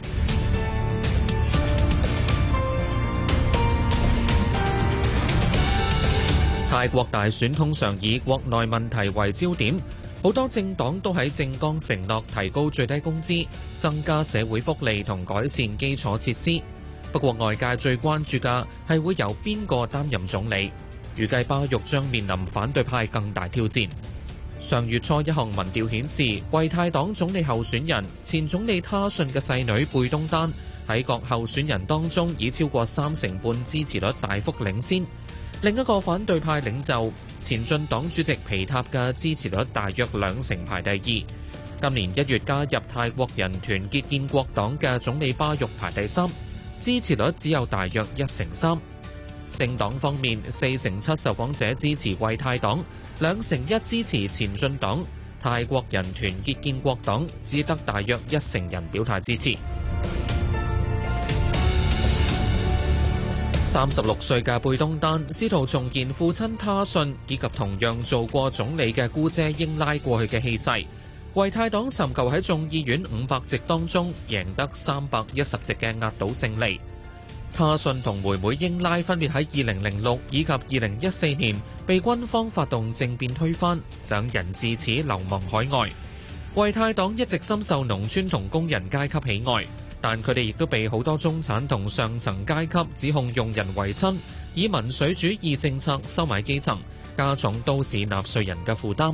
[SPEAKER 11] 泰國大選通常以國內問題為焦點，好多政黨都喺政綱承諾提高最低工資、增加社會福利同改善基礎設施。不過，外界最關注嘅係會由邊個擔任總理？預計巴育將面臨反對派更大挑戰。上月初，一項民調顯示，為泰黨總理候選人前總理他信嘅細女貝東丹喺各候選人當中以超過三成半支持率，大幅領先。另一個反對派領袖前進黨主席皮塔嘅支持率大約兩成，排第二。今年一月加入泰國人團結建國黨嘅總理巴育排第三。支持率只有大約一成三。政黨方面，四成七受訪者支持為泰黨，兩成一支持前進黨，泰國人團結建國黨只得大約一成人表態支持。三十六歲嘅貝東丹試圖重建父親他信以及同樣做過總理嘅姑姐英拉過去嘅氣勢。為泰黨尋求喺眾議院五百席當中贏得三百一十席嘅壓倒勝利。他信同妹妹英拉分別喺二零零六以及二零一四年被軍方發動政變推翻，兩人自此流亡海外。為泰黨一直深受農村同工人階級喜愛，但佢哋亦都被好多中產同上層階級指控用人為親，以民粹主義政策收買基層，加重都市納稅人嘅負擔。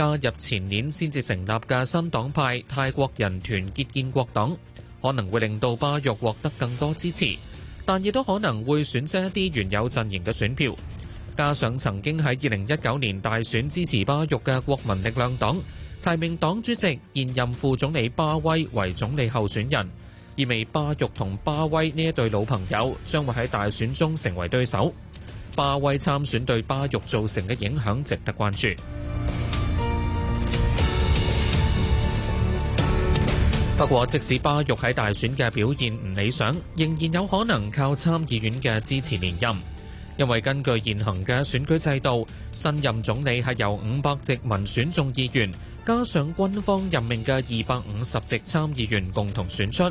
[SPEAKER 11] 加入前年先至成立嘅新黨派泰國人團結建國黨，可能會令到巴育獲得更多支持，但亦都可能會選擇一啲原有陣營嘅選票。加上曾經喺二零一九年大選支持巴育嘅國民力量黨，提名黨主席現任副總理巴威為總理候選人，意味巴育同巴威呢一對老朋友將會喺大選中成為對手。巴威參選對巴育造成嘅影響值得關注。不過，即使巴育喺大選嘅表現唔理想，仍然有可能靠參議院嘅支持連任，因為根據現行嘅選舉制度，新任總理係由五百席民選眾議員加上軍方任命嘅二百五十席參議員共同選出，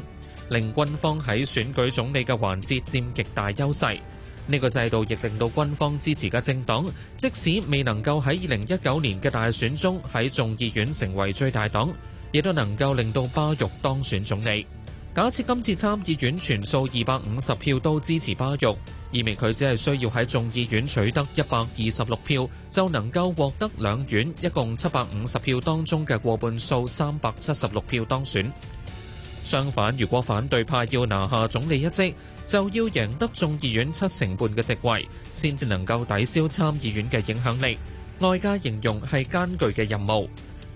[SPEAKER 11] 令軍方喺選舉總理嘅環節佔極大優勢。呢個制度亦令到軍方支持嘅政黨，即使未能夠喺二零一九年嘅大選中喺眾議院成為最大黨。亦都能夠令到巴育當選總理。假設今次參議院全數二百五十票都支持巴育，意味佢只係需要喺眾議院取得一百二十六票，就能夠獲得兩院一共七百五十票當中嘅過半數三百七十六票當選。相反，如果反對派要拿下總理一職，就要贏得眾議院七成半嘅席位，先至能夠抵消參議院嘅影響力。外界形容係艱巨嘅任務。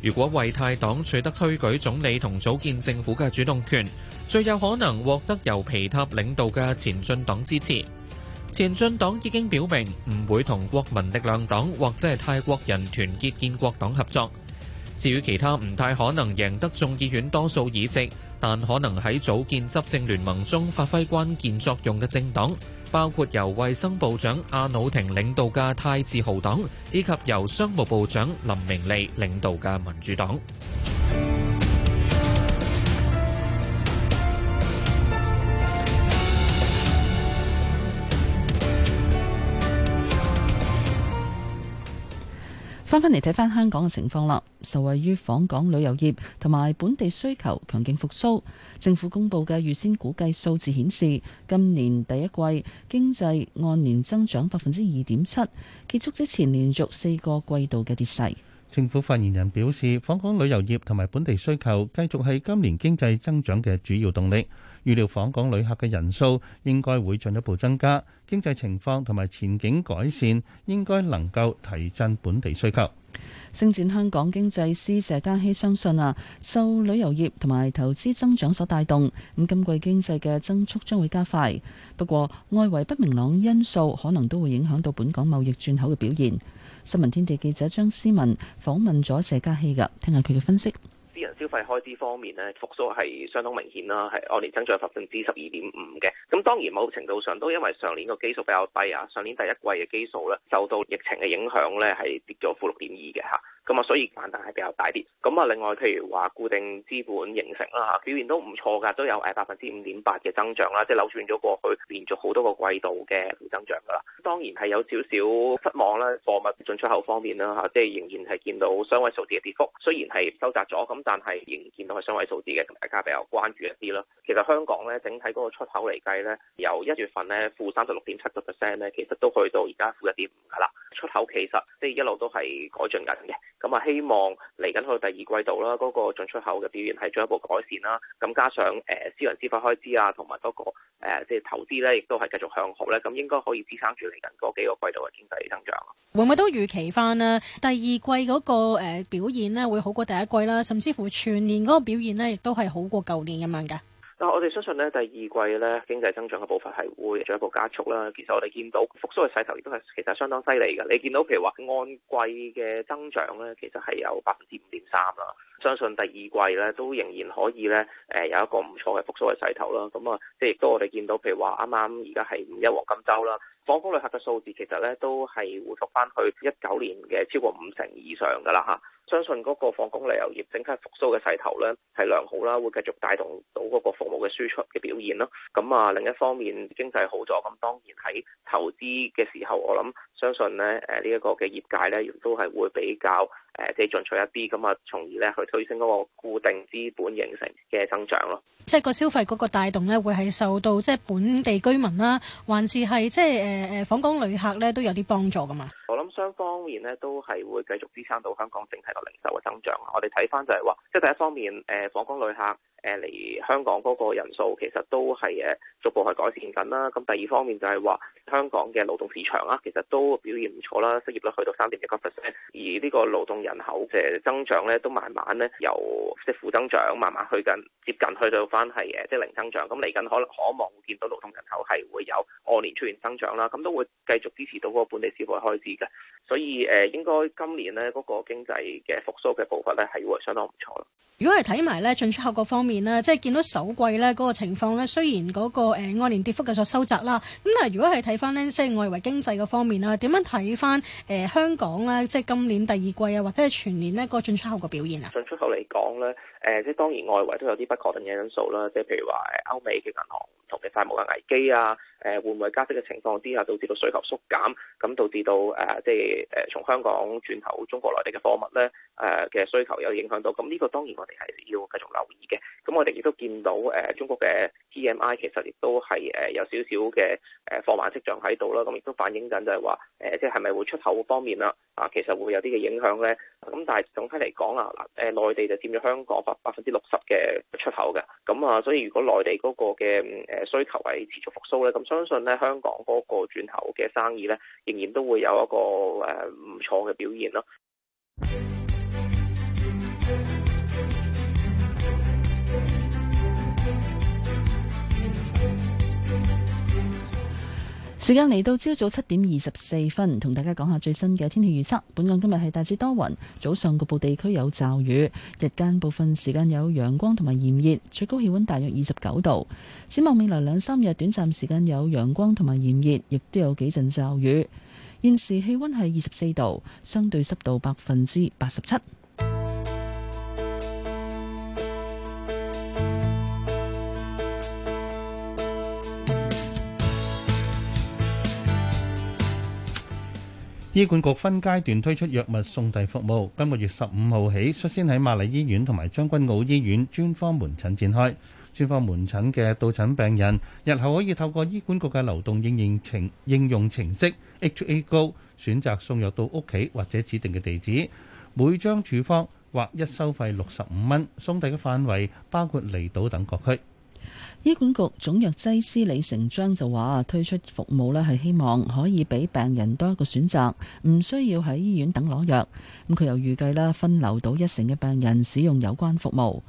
[SPEAKER 11] 如果為泰黨取得推舉總理同組建政府嘅主動權，最有可能獲得由皮塔領導嘅前進黨支持。前進黨已經表明唔會同國民力量黨或者係泰國人團結建國黨合作。至於其他唔太可能贏得眾議院多數議席，但可能喺組建執政聯盟中發揮關鍵作用嘅政黨，包括由衛生部長阿努廷領導嘅泰自豪黨，以及由商務部長林明利領導嘅民主黨。
[SPEAKER 3] 翻翻嚟，睇翻香港嘅情況啦，受惠於訪港旅遊業同埋本地需求強勁復蘇，政府公布嘅預先估計數字顯示，今年第一季經濟按年增長百分之二點七，結束之前連續四個季度嘅跌勢。
[SPEAKER 4] 政府發言人表示，訪港旅遊業同埋本地需求繼續係今年經濟增長嘅主要動力。預料訪港旅客嘅人數應該會進一步增加，經濟情況同埋前景改善應該能夠提振本地需求。
[SPEAKER 3] 星展香港經濟師謝家熙相信啊，受旅遊業同埋投資增長所帶動，咁今季經濟嘅增速將會加快。不過，外圍不明朗因素可能都會影響到本港貿易轉口嘅表現。新聞天地記者張思文訪問咗謝家熙㗎，聽下佢嘅分析。
[SPEAKER 14] 私人消費開支方面咧，復甦係相當明顯啦，係按年增長百分之十二點五嘅。咁當然某程度上都因為上年個基數比較低啊，上年第一季嘅基數咧受到疫情嘅影響咧係跌咗負六點二嘅吓。咁啊，所以壓力係比較大啲。咁啊，另外譬如話固定資本形成啦，表現都唔錯㗎，都有誒百分之五點八嘅增長啦，即係扭轉咗過去連續好多個季度嘅負增長㗎啦。當然係有少少失望啦，貨物進出口方面啦嚇，即係仍然係見到雙位數字嘅跌幅，雖然係收窄咗，咁但係仍然見到係雙位數字嘅，咁大家比較關注一啲咯。其實香港咧整體嗰個出口嚟計咧，由一月份咧負三十六點七個 percent 咧，其實都去到而家負一點五㗎啦。出口其實即係、就是、一路都係改進緊嘅。咁啊，希望嚟緊去第二季度啦，嗰、那個進出口嘅表現係進一步改善啦。咁加上誒、呃、私人消費開支啊，同埋嗰個、呃、即係投資咧，亦都係繼續向好咧。咁應該可以支撐住嚟緊嗰幾個季度嘅經濟增長。
[SPEAKER 5] 會唔會都預期翻啊，第二季嗰個表現咧會好過第一季啦，甚至乎全年嗰個表現咧亦都係好過舊年咁樣㗎？
[SPEAKER 14] 但我哋相信咧，第二季咧經濟增長嘅步伐係會進一步加速啦。其實我哋見到復甦嘅勢頭亦都係其實相當犀利嘅。你見到譬如話按季嘅增長咧，其實係有百分之五點三啦。相信第二季咧都仍然可以咧，誒、呃、有一個唔錯嘅復甦嘅勢頭啦。咁啊，即係亦都我哋見到，譬如話啱啱而家係五一黃金周啦，放、啊、工旅客嘅數字其實咧都係回復翻去一九年嘅超過五成以上噶啦吓，相信嗰個放工旅遊業整體復甦嘅勢頭咧係良好啦，會繼續帶動到嗰個服務嘅輸出嘅表現咯。咁啊，另一方面，經濟好咗，咁當然喺投資嘅時候，我諗相信咧，誒，呢一、啊，這個嘅業界咧亦都係會比較。誒，即係進取一啲，咁啊，從而咧去推升嗰個固定資本形成嘅增長咯。
[SPEAKER 5] 即係個消費嗰個帶動咧，會係受到即係本地居民啦、啊，還是係即係誒誒，訪港旅客咧都有啲幫助噶嘛？
[SPEAKER 14] 我諗雙方面咧都係會繼續支撐到香港整體個零售嘅增長。我哋睇翻就係話，即係第一方面，誒、呃，訪港旅客。誒嚟香港嗰個人數其實都係誒逐步係改善緊啦。咁第二方面就係話香港嘅勞動市場啦，其實都表現唔錯啦，失業率去到三點一個 percent，而呢個勞動人口嘅增長咧都慢慢咧由即係負增長，慢慢去緊接近去到翻係誒即零增長。咁嚟緊可能可望見到勞動人口係會有按年出現增長啦。咁都會繼續支持到嗰個本地消費開支嘅。所以誒、呃、應該今年咧嗰個經濟嘅復甦嘅步伐咧係會相當唔錯咯。
[SPEAKER 5] 如果係睇埋咧進出口嗰方面。即係見到首季呢嗰個情況呢，雖然嗰、那個按、呃、年跌幅繼續收窄啦，咁但係如果係睇翻呢，即係外圍經濟嘅方面啦，點樣睇翻誒香港咧，即係今年第二季啊，或者係全年呢、那個進出口嘅表現啊？
[SPEAKER 14] 進出口嚟講呢。誒、呃，即係當然外圍都有啲不確定嘅因素啦，即係譬如話誒歐美嘅銀行同嘅債務嘅危機啊，誒、呃、會唔會加息嘅情況之下導、嗯，導致到需求縮減，咁導致到誒即係誒、呃、從香港轉頭中國內地嘅貨物咧，誒嘅需求有影響到，咁、嗯、呢、這個當然我哋係要繼續留意嘅。咁、嗯、我哋亦都見到誒、呃、中國嘅 PMI 其實亦都係誒、呃、有少少嘅誒、呃、放緩跡象喺度啦，咁、嗯、亦都反映緊就係話誒即係係咪會出口方面啦。啊，其實會有啲嘅影響呢。咁但係總體嚟講啊，嗱，誒內地就佔咗香港百百分之六十嘅出口嘅，咁啊，所以如果內地嗰個嘅誒需求係持續復甦呢，咁相信呢香港嗰個轉口嘅生意呢，仍然都會有一個誒唔錯嘅表現咯。
[SPEAKER 3] 時間嚟到朝早七點二十四分，同大家講下最新嘅天氣預測。本港今日係大致多雲，早上局部地區有驟雨，日間部分時間有陽光同埋炎熱，最高氣溫大約二十九度。展望未來兩三日短暫，短暫時間有陽光同埋炎熱，亦都有幾陣驟雨。現時氣溫係二十四度，相對濕度百分之八十七。
[SPEAKER 4] 醫管局分階段推出藥物送遞服務，今個月十五號起，率先喺瑪麗醫院同埋將軍澳醫院專科門,門診展開。專科門,門診嘅到診病人，日後可以透過醫管局嘅流動應用程應用程式 H A Go 選擇送藥到屋企或者指定嘅地址。每張處方劃一收費六十五蚊。送遞嘅範圍包括離島等各區。
[SPEAKER 3] 醫管局總藥劑師李成章就話，推出服務咧，係希望可以俾病人多一個選擇，唔需要喺醫院等攞藥。咁佢又預計啦，分流到一成嘅病人使用有關服務。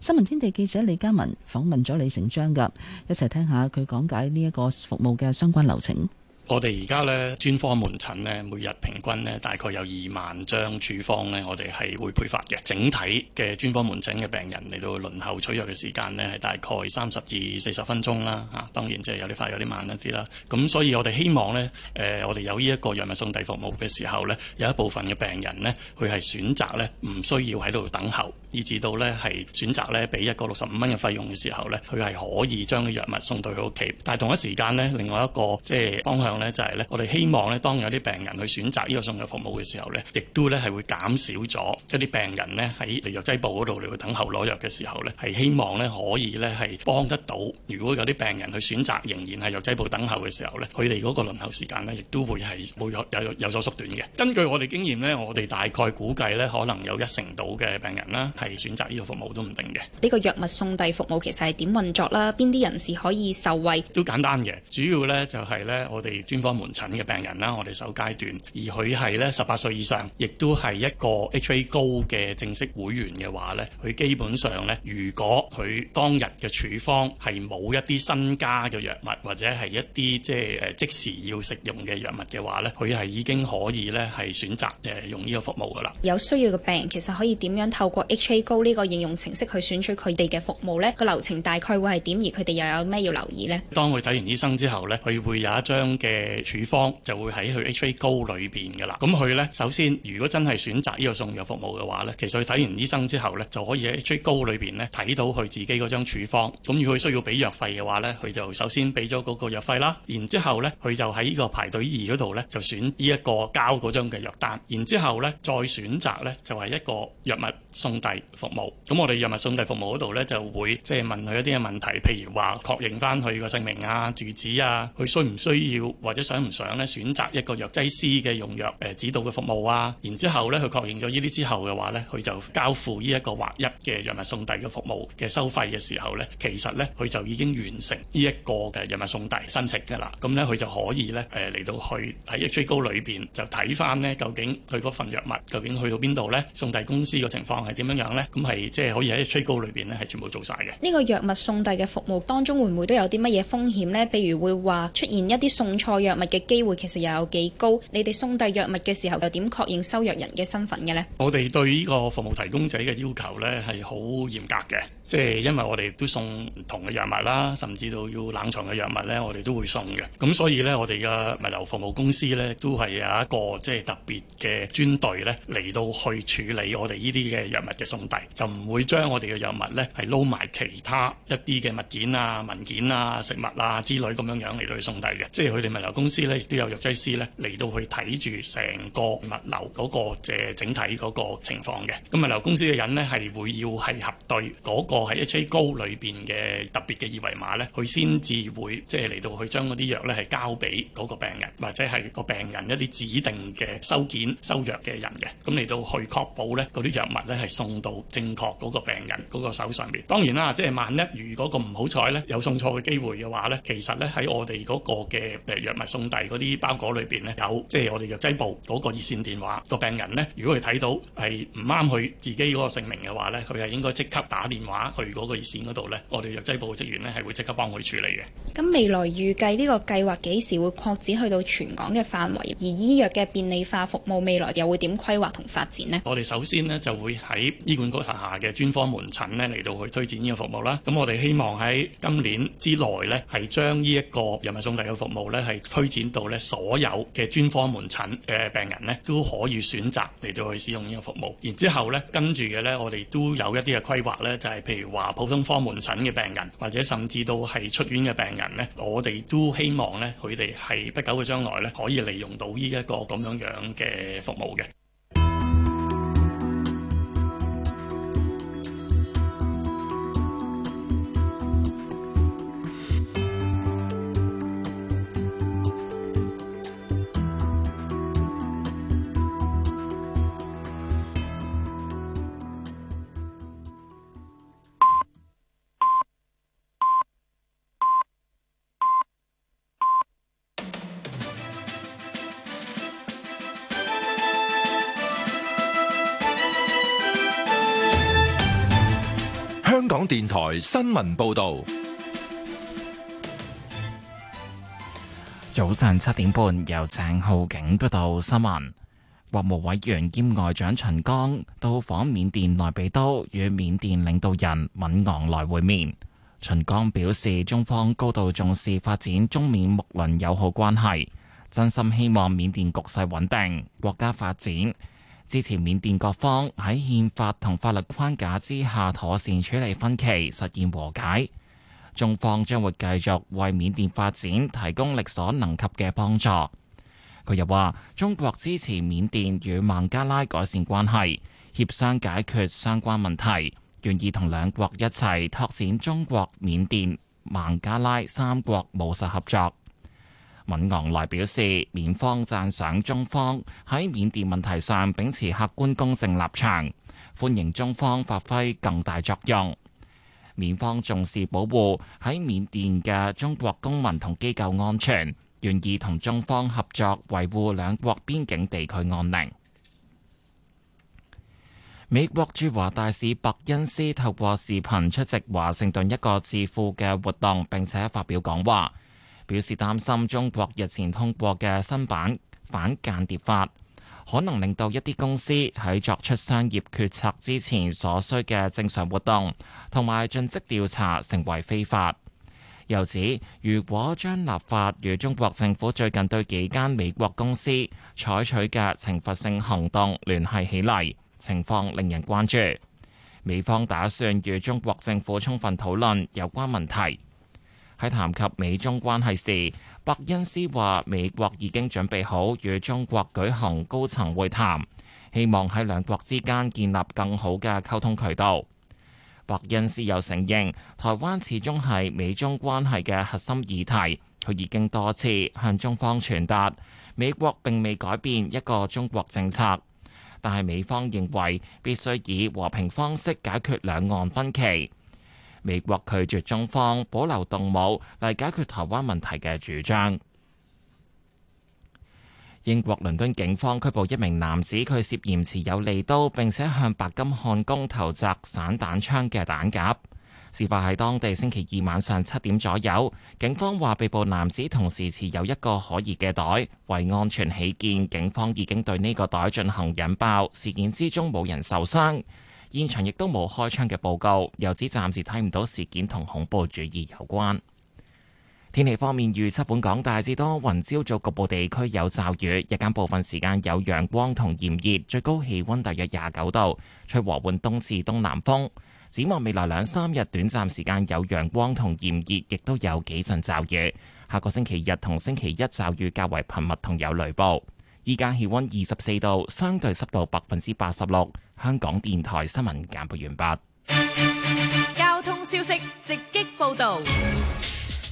[SPEAKER 3] 新聞天地記者李家文訪問咗李成章噶，一齊聽下佢講解呢一個服務嘅相關流程。
[SPEAKER 15] 我哋而家呢專科門診呢，每日平均呢大概有二萬張處方呢，我哋係會配發嘅。整體嘅專科門診嘅病人嚟到輪候取藥嘅時間呢，係大概三十至四十分鐘啦。啊，當然即係有啲快，有啲慢一啲啦。咁所以我哋希望呢，誒、呃、我哋有呢一個藥物送遞服務嘅時候呢，有一部分嘅病人呢，佢係選擇呢唔需要喺度等候，以至到呢係選擇呢俾一個六十五蚊嘅費用嘅時候呢，佢係可以將啲藥物送到佢屋企。但係同一時間呢，另外一個即係方向。咧就係咧，我哋希望咧，當有啲病人去選擇呢個送藥服務嘅時候咧，亦都咧係會減少咗一啲病人咧喺嚟藥劑部嗰度嚟去等候攞藥嘅時候咧，係希望咧可以咧係幫得到。如果有啲病人去選擇仍然喺藥劑部等候嘅時候咧，佢哋嗰個輪候時間咧，亦都會係會有有有所縮短嘅。根據我哋經驗咧，我哋大概估計咧，可能有一成度嘅病人啦，係選擇呢個服務都唔定嘅。
[SPEAKER 13] 呢個藥物送遞服務其實係點運作啦？邊啲人士可以受惠？都
[SPEAKER 15] 簡單嘅，主要咧就係咧，我哋。專科門診嘅病人啦，我哋首階段，而佢係咧十八歲以上，亦都係一個 HA 高嘅正式會員嘅話咧，佢基本上咧，如果佢當日嘅處方係冇一啲新加嘅藥物或者係一啲即係即時要食用嘅藥物嘅話咧，佢係已經可以咧係選擇誒用呢個服務噶啦
[SPEAKER 13] 有需要嘅病人其實可以點樣透過 HA 高呢個應用程式去選取佢哋嘅服務咧？個流程大概會係點？而佢哋又有咩要留意咧？
[SPEAKER 15] 當佢睇完醫生之後咧，佢會有一張嘅。嘅處方就會喺佢 H A 高裏邊噶啦，咁佢呢，首先如果真係選擇呢個送藥服務嘅話呢，其實佢睇完醫生之後呢，就可以喺 H A 高裏邊呢睇到佢自己嗰張處方，咁如果佢需要俾藥費嘅話呢，佢就首先俾咗嗰個藥費啦，然之後咧佢就喺呢個排隊二嗰度呢，就選呢一個交嗰張嘅藥單，然之後咧再選擇呢，就係一個藥物送遞服務，咁我哋藥物送遞服務嗰度呢，就會即係問佢一啲嘅問題，譬如話確認翻佢個姓名啊、住址啊，佢需唔需要？或者想唔想咧選擇一個藥劑師嘅用藥誒指導嘅服務啊？然之後咧佢確認咗呢啲之後嘅話咧，佢就交付呢一個劃一嘅藥物送遞嘅服務嘅收費嘅時候咧，其實咧佢就已經完成呢一個嘅藥物送遞申請㗎啦。咁咧佢就可以咧誒嚟到去喺一個追高裏邊就睇翻咧究竟佢嗰份藥物究竟去到邊度咧？送遞公司嘅情況係點樣樣咧？咁係即係可以喺追高裏邊咧係全部做晒嘅。
[SPEAKER 13] 呢個藥物送遞嘅服務當中會唔會都有啲乜嘢風險咧？譬如會話出現一啲送錯。個藥物嘅機會，其實又有幾高？你哋送遞藥物嘅時候又點確認收藥人嘅身份嘅呢？我
[SPEAKER 15] 哋對呢個服務提供者嘅要求呢係好嚴格嘅，即係因為我哋都送唔同嘅藥物啦，甚至到要冷藏嘅藥物呢，我哋都會送嘅。咁所以呢，我哋嘅物流服務公司呢，都係有一個即係特別嘅專隊呢，嚟到去處理我哋呢啲嘅藥物嘅送遞，就唔會將我哋嘅藥物呢，係撈埋其他一啲嘅物件啊、文件啊、食物啊之類咁樣樣嚟到去送遞嘅，即係佢哋咪。物流公司咧亦都有藥劑師咧嚟到去睇住成個物流嗰個嘅整體嗰個情況嘅。咁物流公司嘅人咧係會要係核對嗰個喺 HA Go 裏邊嘅特別嘅二維碼咧，佢先至會即係嚟到去將嗰啲藥咧係交俾嗰個病人或者係個病人一啲指定嘅收件收藥嘅人嘅。咁嚟到去確保咧嗰啲藥物咧係送到正確嗰個病人嗰個手上邊。當然啦，即係萬一如果個唔好彩咧有送錯嘅機會嘅話咧，其實咧喺我哋嗰個嘅誒藥。藥物送遞嗰啲包裹裏邊呢，有即係我哋藥劑部嗰個熱線電話。個病人呢，如果佢睇到係唔啱佢自己嗰個姓名嘅話呢，佢係應該即刻打電話去嗰個熱線嗰度呢，我哋藥劑部嘅職員呢，係會即刻幫佢處理嘅。
[SPEAKER 13] 咁未來預計呢個計劃幾時會擴展去到全港嘅範圍？而醫藥嘅便利化服務未來又會點規劃同發展呢？我
[SPEAKER 15] 哋首先呢，就會喺醫管局下嘅專科門診呢嚟到去推展呢個服務啦。咁我哋希望喺今年之內呢，係將呢一個藥物送遞嘅服務呢。係。推展到咧所有嘅專科門診嘅病人咧，都可以選擇嚟到去使用呢個服務。然之後咧，跟住嘅咧，我哋都有一啲嘅規劃咧，就係譬如話普通科門診嘅病人，或者甚至到係出院嘅病人咧，我哋都希望咧，佢哋係不久嘅將來咧，可以利用到呢一個咁樣樣嘅服務嘅。
[SPEAKER 2] 台新聞報
[SPEAKER 9] 導，
[SPEAKER 1] 早上七點半由鄭浩景報道新聞。國務委員兼外長秦剛到訪緬甸內比都，與緬甸領導人敏昂來會面。秦剛表示，中方高度重視發展中緬睦鄰友好關係，真心希望緬甸局勢穩定，國家發展。支持緬甸各方喺憲法同法律框架之下妥善處理分歧，實現和解。中方將會繼續為緬甸發展提供力所能及嘅幫助。佢又話：中國支持緬甸與孟加拉改善關係，協商解決相關問題，願意同兩國一齊拓展中國、緬甸、孟加拉三國務實合作。敏昂萊表示，緬方讚賞中方喺緬甸問題上秉持客觀公正立場，歡迎中方發揮更大作用。緬方重視保護喺緬甸嘅中國公民同機構安全，願意同中方合作維護兩國邊境地區安寧。美國駐華大使伯恩斯透過視頻出席華盛頓一個智庫嘅活動，並且發表講話。表示擔心中國日前通過嘅新版反間諜法，可能令到一啲公司喺作出商業決策之前所需嘅正常活動同埋盡職調查成為非法。又指，如果將立法與中國政府最近對幾間美國公司採取嘅懲罰性行動聯繫起嚟，情況令人關注。美方打算與中國政府充分討論有關問題。喺談及美中關係時，伯恩斯話：美國已經準備好與中國舉行高層會談，希望喺兩國之間建立更好嘅溝通渠道。伯恩斯又承認，台灣始終係美中關係嘅核心議題，佢已經多次向中方傳達，美國並未改變一個中國政策，但係美方認為必須以和平方式解決兩岸分歧。美國拒絕中方保留動武嚟解決台灣問題嘅主張。英國倫敦警方拘捕一名男子，佢涉嫌持有利刀並且向白金漢宮投擲散彈槍嘅彈夾。事發喺當地星期二晚上七點左右。警方話，被捕男子同時持有一個可疑嘅袋，為安全起見，警方已經對呢個袋進行引爆。事件之中冇人受傷。現場亦都冇開槍嘅報告，又指暫時睇唔到事件同恐怖主義有關。天氣方面預測，本港大致多雲，朝早局部地區有驟雨，日間部分時間有陽光同炎熱，最高氣温大約廿九度，吹和緩東至東南風。展望未來兩三日，短暫時間有陽光同炎熱，亦都有幾陣驟雨。下個星期日同星期一驟雨較為頻密，同有雷暴。依家氣温二十四度，相對濕度百分之八十六。
[SPEAKER 12] 香港電台新聞簡報完畢。
[SPEAKER 13] 交通消息直擊
[SPEAKER 3] 報道。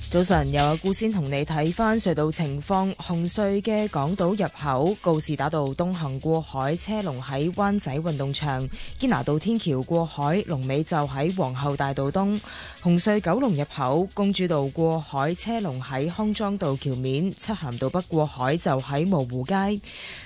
[SPEAKER 12] 早晨，有阿姑先同你睇翻隧道情況。紅隧嘅港島入口告士打道東行過海車龍喺灣仔運動場，堅拿道天橋過海龍尾就喺皇后大道東。紅隧九龍入口公主道過海車龍喺康莊道橋面，漆咸道北過海就喺蕪湖街。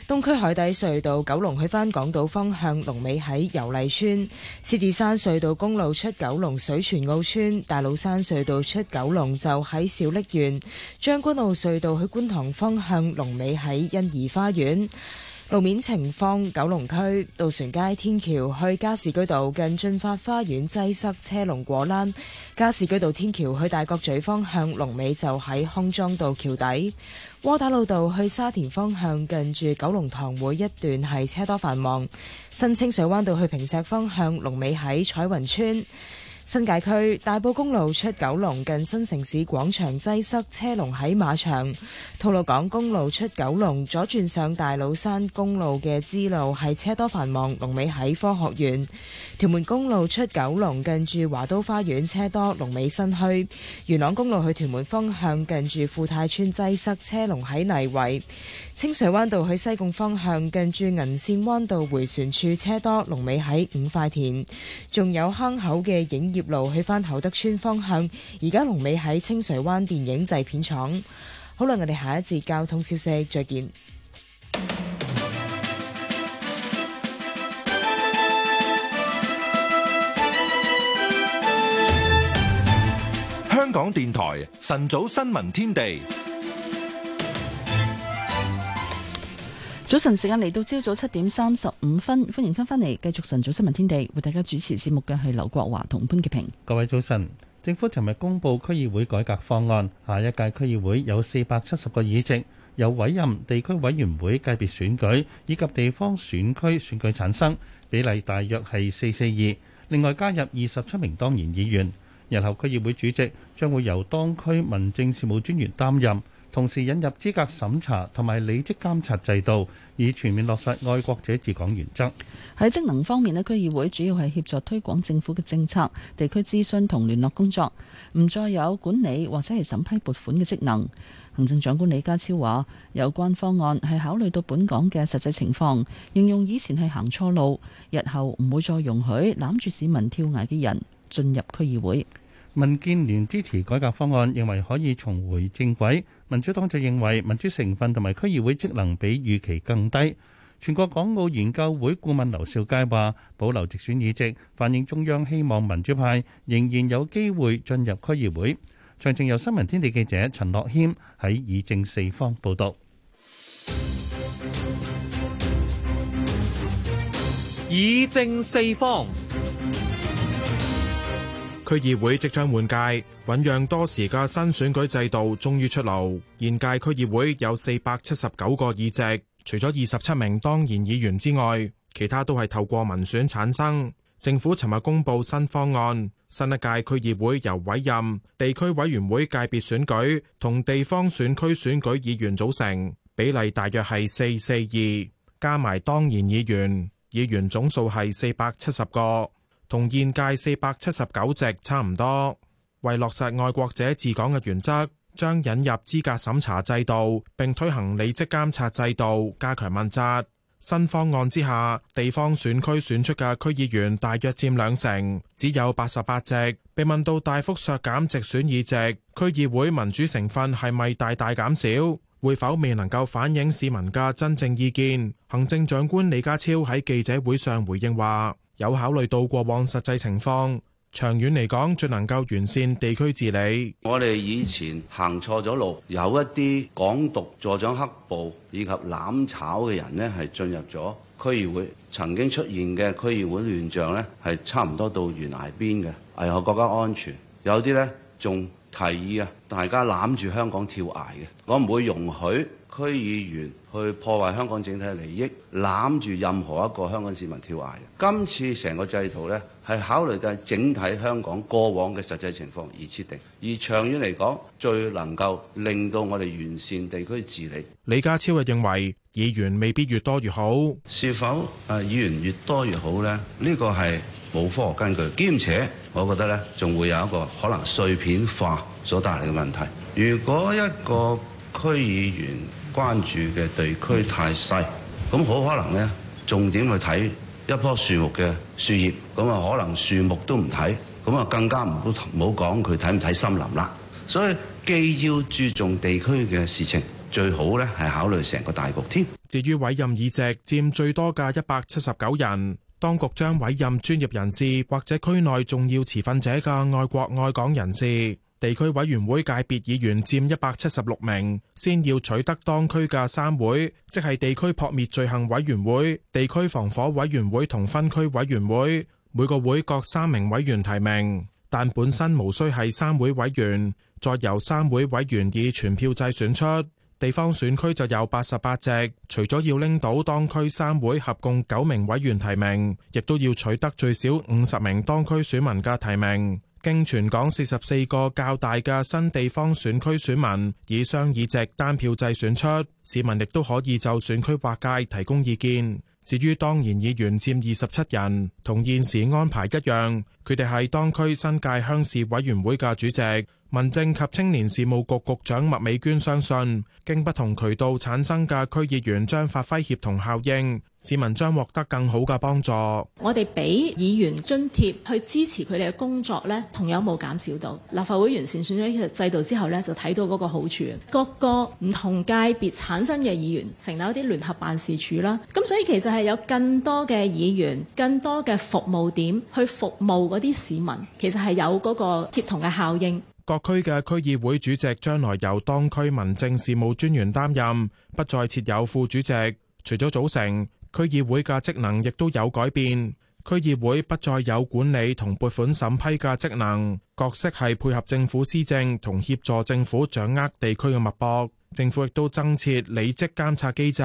[SPEAKER 12] 東區海底隧道九龍去返港島方向，龍尾喺油麗邨；獅子山隧道公路出九龍水泉澳村，大老山隧道出九龍就喺小瀝源；將軍澳隧道去觀塘方向，龍尾喺欣怡花園。路面情況：九龍區渡船街天橋去加士居道近駿發花園擠塞車龍果欄；加士居道天橋去大角咀方向，龍尾就喺康莊道橋底。窩打老道去沙田方向近住九龍塘會一段係車多繁忙。新清水灣道去坪石方向龍尾喺彩雲村。新界區大埔公路出九龍近新城市廣場擠塞車龍喺馬場，吐露港公路出九龍左轉上大老山公路嘅支路係車多繁忙，龍尾喺科學園。屯門公路出九龍近住華都花園車多，龍尾新墟。元朗公路去屯門方向近住富泰村擠塞車龍喺泥圍。清水灣道去西貢方向近住銀線灣道回旋處車多，龍尾喺五塊田。仲有坑口嘅影葉路去翻厚德村方向，而家龍尾喺清水灣電影製片廠。好啦，我哋下一節交通消息，再見。
[SPEAKER 2] 香港電台晨早新聞天地。
[SPEAKER 3] 早晨，時間嚟到朝早七點三十五分，歡迎翻返嚟繼續晨早新聞天地。為大家主持節目嘅係劉國華同潘潔平。
[SPEAKER 4] 各位早晨，政府尋日公布區議會改革方案，下一屆區議會有四百七十個議席，由委任、地區委員會界別選舉以及地方選區選舉產生，比例大約係四四二。另外加入二十七名當然議員，日後區議會主席將會由當區民政事務專員擔任。同時引入資格審查同埋履職監察制度，以全面落實愛國者治港原則。
[SPEAKER 3] 喺職能方面咧，區議會主要係協助推廣政府嘅政策、地區諮詢同聯絡工作，唔再有管理或者係審批撥款嘅職能。行政長官李家超話：有關方案係考慮到本港嘅實際情況，形容以前係行錯路，日後唔會再容許攬住市民跳崖嘅人進入區議會。
[SPEAKER 4] 民建聯支持改革方案，認為可以重回正軌。民主黨就認為民主成分同埋區議會職能比預期更低。全國港澳研究會顧問劉兆佳話：保留直選議席，反映中央希望民主派仍然有機會進入區議會。詳情由新聞天地記者陳樂謙喺《以政四方》報道。
[SPEAKER 11] 以政四方。
[SPEAKER 9] 區議會即將換屆，醞釀多時嘅新選舉制度終於出爐。現屆區議會有四百七十九個議席，除咗二十七名當然議員之外，其他都係透過民選產生。政府尋日公布新方案，新一屆區議會由委任、地區委員會界別選舉同地方選區選舉議員組成，比例大約係四四二，加埋當然議員，議員總數係四百七十個。同現屆四百七十九席差唔多。為落實愛國者治港嘅原則，將引入資格審查制度，並推行履職監察制度，加強問責。新方案之下，地方選區選出嘅區議員大約佔兩成，只有八十八席。被問到大幅削減直選議席，區議會民主成分係咪大大減少？會否未能夠反映市民嘅真正意見？行政長官李家超喺記者會上回應話。有考慮到過往實際情況，長遠嚟講，最能夠完善地區治理。
[SPEAKER 7] 我哋以前行錯咗路，有一啲港獨助長黑暴以及攬炒嘅人呢，係進入咗區議會，曾經出現嘅區議會亂象呢，係差唔多到懸崖邊嘅，危害國家安全。有啲呢，仲提議啊，大家攬住香港跳崖嘅，我唔會容許。區議員去破壞香港整體利益，攬住任何一個香港市民跳崖。今次成個制度呢，係考慮緊整體香港過往嘅實際情況而設定，而長遠嚟講，最能夠令到我哋完善地區治理。
[SPEAKER 9] 李家超又認為議員未必越多越好。是否誒議員越多越好呢？
[SPEAKER 7] 呢個係冇科學根據，兼且我覺得呢，仲會有一個可能碎片化所帶嚟嘅問題。如果一個區議員關注嘅地區太細，咁好可能呢，重點去睇一棵樹木嘅樹葉，咁啊可能樹木都唔睇，咁啊更加唔好冇講佢睇唔睇森林啦。所以既要注重地區嘅事情，最好呢係考慮
[SPEAKER 9] 成個大局添。至於委任議席佔最多嘅一百七十九人，當局將委任專業人士或者區內重要持份者嘅愛國愛港人士。地區委員會界別議員佔一百七十六名，先要取得當區嘅三會，即係地區撲滅罪行委員會、地區防火委員會同分區委員會，每個會各三名委員提名。但本身無需係三會委員，再由三會委員以全票制選出。地方選區就有八十八席，除咗要拎到當區三會合共九名委員提名，亦都要取得最少五十名當區選民嘅提名。經全港四十四個較大嘅新地方選區選民以雙議席單票制選出，市民亦都可以就選區劃界提供意見。至於當然議員佔二十七人，同現時安排一樣。佢哋係當區新界鄉事委員會嘅主席。民政及青年事務局局長麥美娟相信，經不同渠道產生嘅區議員將發揮協同效應，市民將獲得更好嘅幫助。我
[SPEAKER 5] 哋俾議員津貼去支持佢哋嘅工作咧，同樣冇減少到。立法會完善選舉制度之後咧，就睇到嗰個好處。各個唔同界別產生嘅議員成立一啲聯合辦事處啦，咁所以其實係有更多嘅議員，更多嘅服務點去服務。嗰啲市民其實，係有嗰個協同嘅效應。
[SPEAKER 9] 各區嘅區議會主席將來由當區民政事務專員擔任，不再設有副主席。除咗組成區議會嘅職能，亦都有改變，區議會不再有管理同撥款審批嘅職能，角色係配合政府施政同協助政府掌握地區嘅脈搏。政府亦都增設理職監察機制，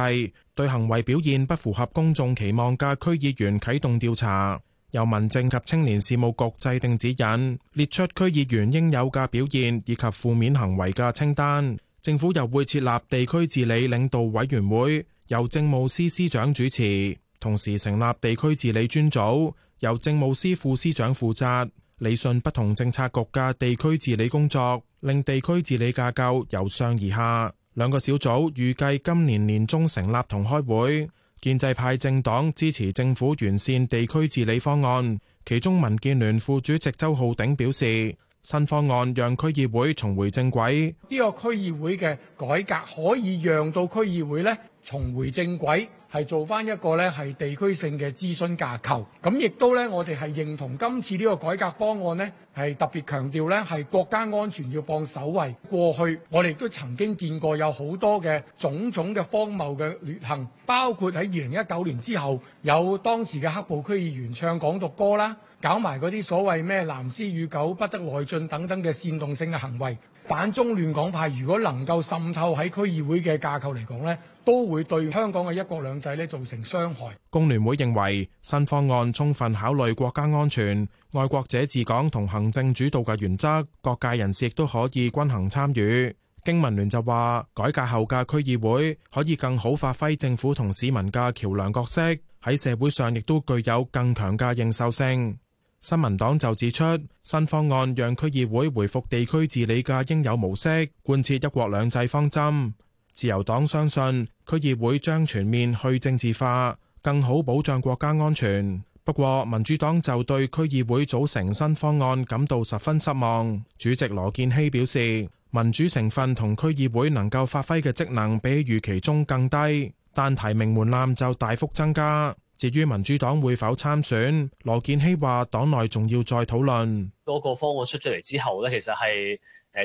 [SPEAKER 9] 對行為表現不符合公眾期望嘅區議員啟動調查。由民政及青年事務局制定指引，列出區議員應有嘅表現以及負面行為嘅清單。政府又會設立地區治理領導委員會，由政務司司長主持，同時成立地區治理專組，由政務司副司長負責，理順不同政策局嘅地區治理工作，令地區治理架構由上而下。兩個小組預計今年年中成立同開會。建制派政黨支持政府完善地區治理方案，其中民建聯副主席周浩鼎表示，新方案讓區議會重回正軌，
[SPEAKER 15] 呢個區議會嘅改革可以讓到區議會咧重回正軌，係做翻一個咧係地區性嘅諮詢架構，咁亦都咧，我哋係認同今次呢個改革方案咧，係特別強調咧係國家安全要放首位。過去我哋都曾經見過有好多嘅種種嘅荒謬嘅劣行。包括喺二零一九年之後，有當時嘅黑暴區議員唱港獨歌啦，搞埋嗰啲所謂咩藍絲與狗不得內進等等嘅煽動性嘅行為，反中亂港派如果能夠滲透喺區議會嘅架構嚟講，呢都會對香港嘅一國兩制呢造成傷害。
[SPEAKER 9] 工聯會認為，新方案充分考慮國家安全、愛國者治港同行政主導嘅原則，各界人士亦都可以均衡參與。經民聯就話，改革後嘅區議會可以更好發揮政府同市民嘅橋樑角色，喺社會上亦都具有更強嘅認受性。新民黨就指出，新方案讓區議會回復地區治理嘅應有模式，貫徹一國兩制方針。自由黨相信區議會將全面去政治化，更好保障國家安全。不過，民主黨就對區議會組成新方案感到十分失望。主席羅健熙表示。民主成分同區議會能夠發揮嘅職能比預期中更低，但提名門檻就大幅增加。至於民主黨會否參選，羅建熙話黨內仲要再討論。
[SPEAKER 2] 多個方案出咗嚟之後呢，其實係，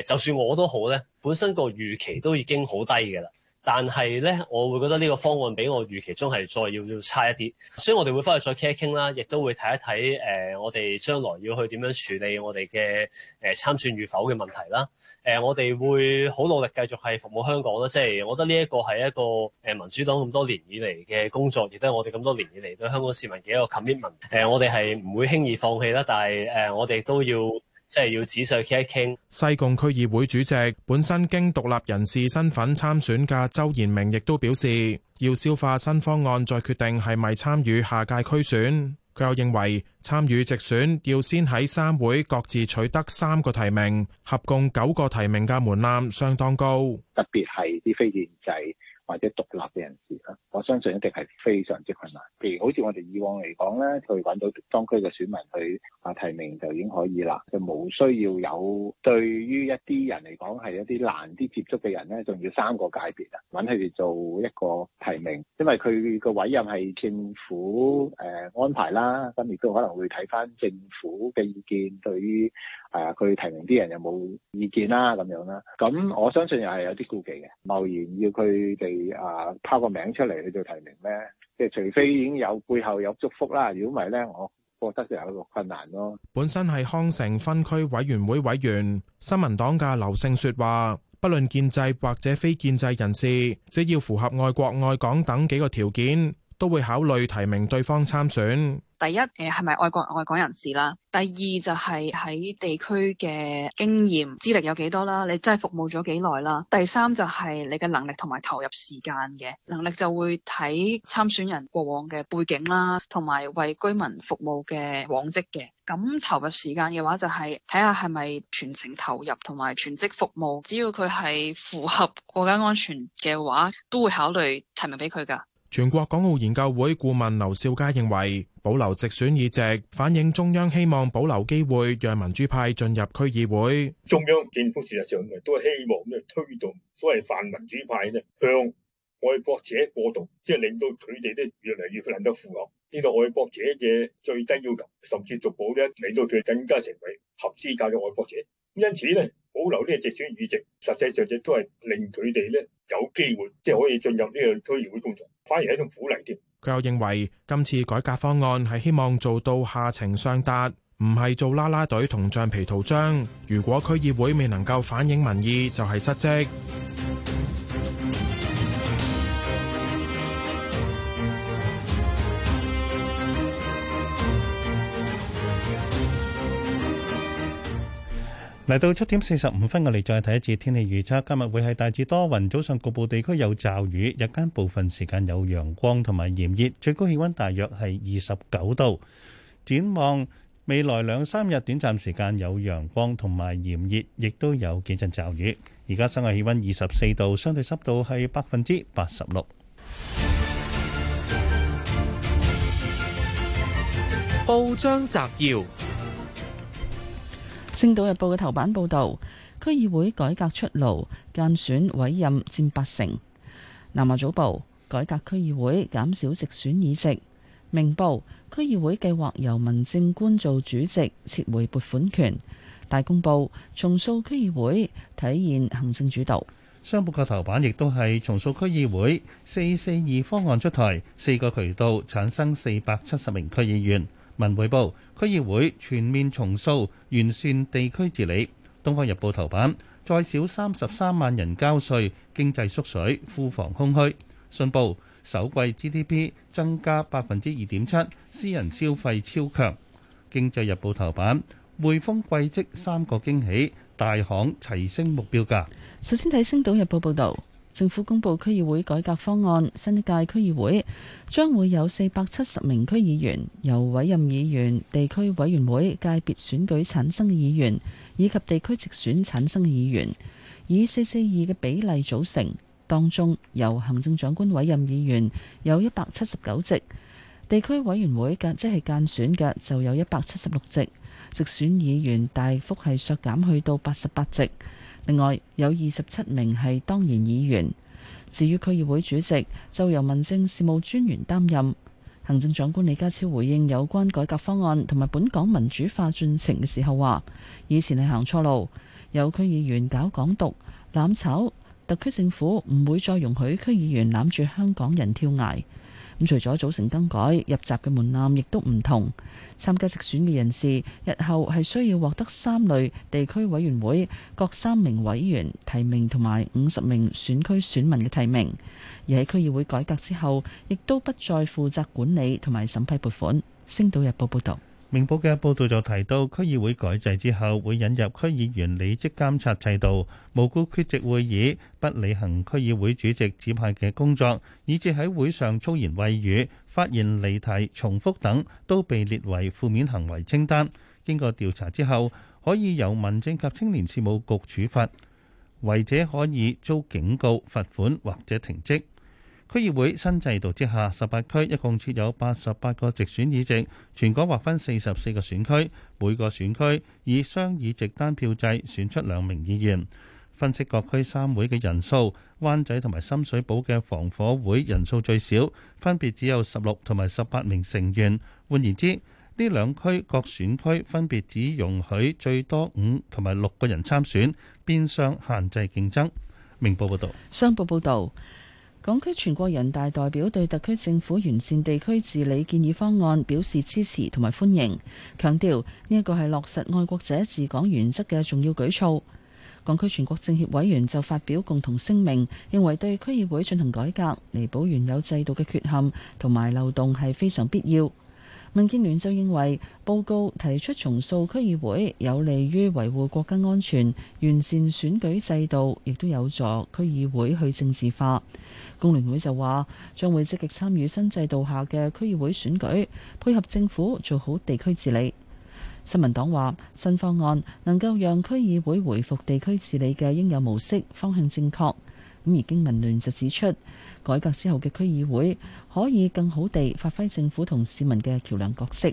[SPEAKER 2] 就算我都好呢，本身個預期都已經好低嘅啦。但係咧，我會覺得呢個方案比我預期中係再要要差一啲，所以我哋會翻去再傾一傾啦，亦都會睇一睇誒、呃、我哋將來要去點樣處理我哋嘅誒參選與否嘅問題啦。誒、呃，我哋會好努力繼續係服務香港啦，即、就、係、是、我覺得呢一個係一個誒民主黨咁多年以嚟嘅工作，亦都係我哋咁多年以嚟對香港市民嘅一個 commitment、呃。誒，我哋係唔會輕易放棄啦，但係誒、呃、我哋都要。即係要仔細傾一傾。
[SPEAKER 9] 西貢區議會主席本身經獨立人士身份參選嘅周延明，亦都表示要消化新方案，再決定係咪參與下屆區選。佢又認為參與直選要先喺三會各自取得三個提名，合共九個提名嘅門檻相當高，
[SPEAKER 2] 特別係啲非建制，或者獨立嘅人士啦，我相信一定係非常之困難。譬如好似我哋以往嚟講咧，佢揾到當區嘅選民去提名就已經可以啦，就冇需要有對於一啲人嚟講係一啲難啲接觸嘅人咧，仲要三個界別啊，揾佢哋做一個提名，因為佢個委任係政府誒、呃、安排啦，咁亦都可能會睇返政府嘅意見對於。係啊，佢提名啲人又冇意見啦，咁樣啦。咁我相信又係有啲顧忌嘅。貿然要佢哋啊拋個名出嚟去做提名咧，即係除非已經有背後有祝福啦。如果唔係咧，我覺得就有個困難咯。
[SPEAKER 9] 本身係康城分區委員會委員，新民黨嘅劉勝説話，不論建制或者非建制人士，只要符合愛國愛港等幾個條件，都會考慮提名對方參選。
[SPEAKER 13] 第一，誒係咪愛國愛港人士啦？第二就係喺地區嘅經驗資歷有幾多啦？你真係服務咗幾耐啦？第三就係你嘅能力同埋投入時間嘅能力就會睇參選人過往嘅背景啦，同埋為居民服務嘅往績嘅。咁投入時間嘅話，就係睇下係咪全程投入同埋全職服務。只要佢係符合國家安全嘅話，都會考慮提名俾佢㗎。
[SPEAKER 9] 全國港澳研究會顧問劉兆佳認為，保留直選議席，反映中央希望保留機會，讓民主派進入區議會。中央
[SPEAKER 2] 政府事實上都係希望咧推動所謂泛民主派咧，向愛國者過渡，即係令到佢哋咧越嚟越能夠符合呢個愛國者嘅最低要求，甚至逐步咧令到佢更加成為合資格嘅愛國者。因此咧，
[SPEAKER 4] 保留呢個直選議席，實際上亦都係令佢哋咧。有機會即係可以進入呢個區議會工作，反而係一種鼓勵添。
[SPEAKER 9] 佢又認為今次改革方案係希望做到下情上達，唔係做啦啦隊同橡皮圖章。如果區議會未能夠反映民意，就係失職。
[SPEAKER 4] 嚟到七點四十五分，我哋再睇一次天氣預測。今日會係大致多雲，早上局部地區有驟雨，日間部分時間有陽光同埋炎熱，最高氣溫大約係二十九度。展望未來兩三日，短暫時間有陽光同埋炎熱，亦都有幾陣驟雨。而家室外氣溫二十四度，相對濕度係百分之八十六。
[SPEAKER 3] 報章摘要。《星島日報》嘅頭版報道，區議會改革出爐，間選委任佔八成。南華早報改革區議會，減少直選議席。明報區議會計劃由民政官做主席，撤回撥款權。大公報重塑區議
[SPEAKER 4] 會，體現行政主導。商報嘅頭版亦都係重塑區議會，四四二方案出台，四個渠道產生四百七十名區議員。文匯報：區議會全面重塑，完善地區治理。東方日報頭版：再少三十三萬人交稅，經濟縮水，庫房空虛。信報：首季 GDP 增加百分之二點七，私人消費超強。經濟日報頭版：匯豐季績三個驚喜，大行齊升目標價。
[SPEAKER 3] 首先睇《星島日報》報道。政府公布區議會改革方案，新一屆區議會將會有四百七十名區議員，由委任議員、地區委員會界別選舉產生嘅議員，以及地區直選產生嘅議員，以四四二嘅比例組成。當中由行政長官委任議員有一百七十九席，地區委員會間即係間選嘅就有一百七十六席，直選議員大幅係削減去到八十八席。另外有二十七名係當然議員，至於區議會主席就由民政事務專員擔任。行政長官李家超回應有關改革方案同埋本港民主化進程嘅時候話：以前係行錯路，有區議員搞港獨、攬炒，特區政府唔會再容許區議員攬住香港人跳崖。咁除咗組成更改，入閘嘅門檻亦都唔同。參加直選嘅人士，日後係需要獲得三類地區委員會各三名委員提名同埋五十名選區選民嘅提名。而喺區議會改革之後，亦都不再負責管理同埋審批撥款。星島日報報
[SPEAKER 4] 道。明報嘅報道就提到，區議會改制之後，會引入區議員履職監察制度，無故缺席會議、不履行區議會主席指派嘅工作，以至喺會上粗言穢語、發言離題、重複等，都被列為負面行為清單。經過調查之後，可以由民政及青年事務局處罰，違者可以遭警告、罰款或者停職。區議會新制度之下，十八區一共設有八十八個直選議席，全港劃分四十四個選區，每個選區以雙議席單票制選出兩名議員。分析各區三會嘅人數，灣仔同埋深水埗嘅防火會人數最少，分別只有十六同埋十八名成員。換言之，呢兩區各選區分別只容許最多五同埋六個人參選，變相限制競爭。明報報道。商報報導。港區全國
[SPEAKER 3] 人大代表對特區政府完善地區治理建議方案表示支持同埋歡迎，強調呢一個係落實愛國者治港原則嘅重要舉措。港區全國政協委員就發表共同聲明，認為對區議會進行改革，彌補原有制度嘅缺陷同埋漏洞係非常必要。民建聯就認為報告提出重塑區議會，有利於維護國家安全，完善選舉制度，亦都有助區議會去政治化。工聯會就話將會積極參與新制度下嘅區議會選舉，配合政府做好地區治理。新民黨話新方案能夠讓區議會回复地區治理嘅應有模式，方向正確。咁而經民聯就指出，改革之後嘅區議會可以更好地發揮政府同市民嘅橋梁角色。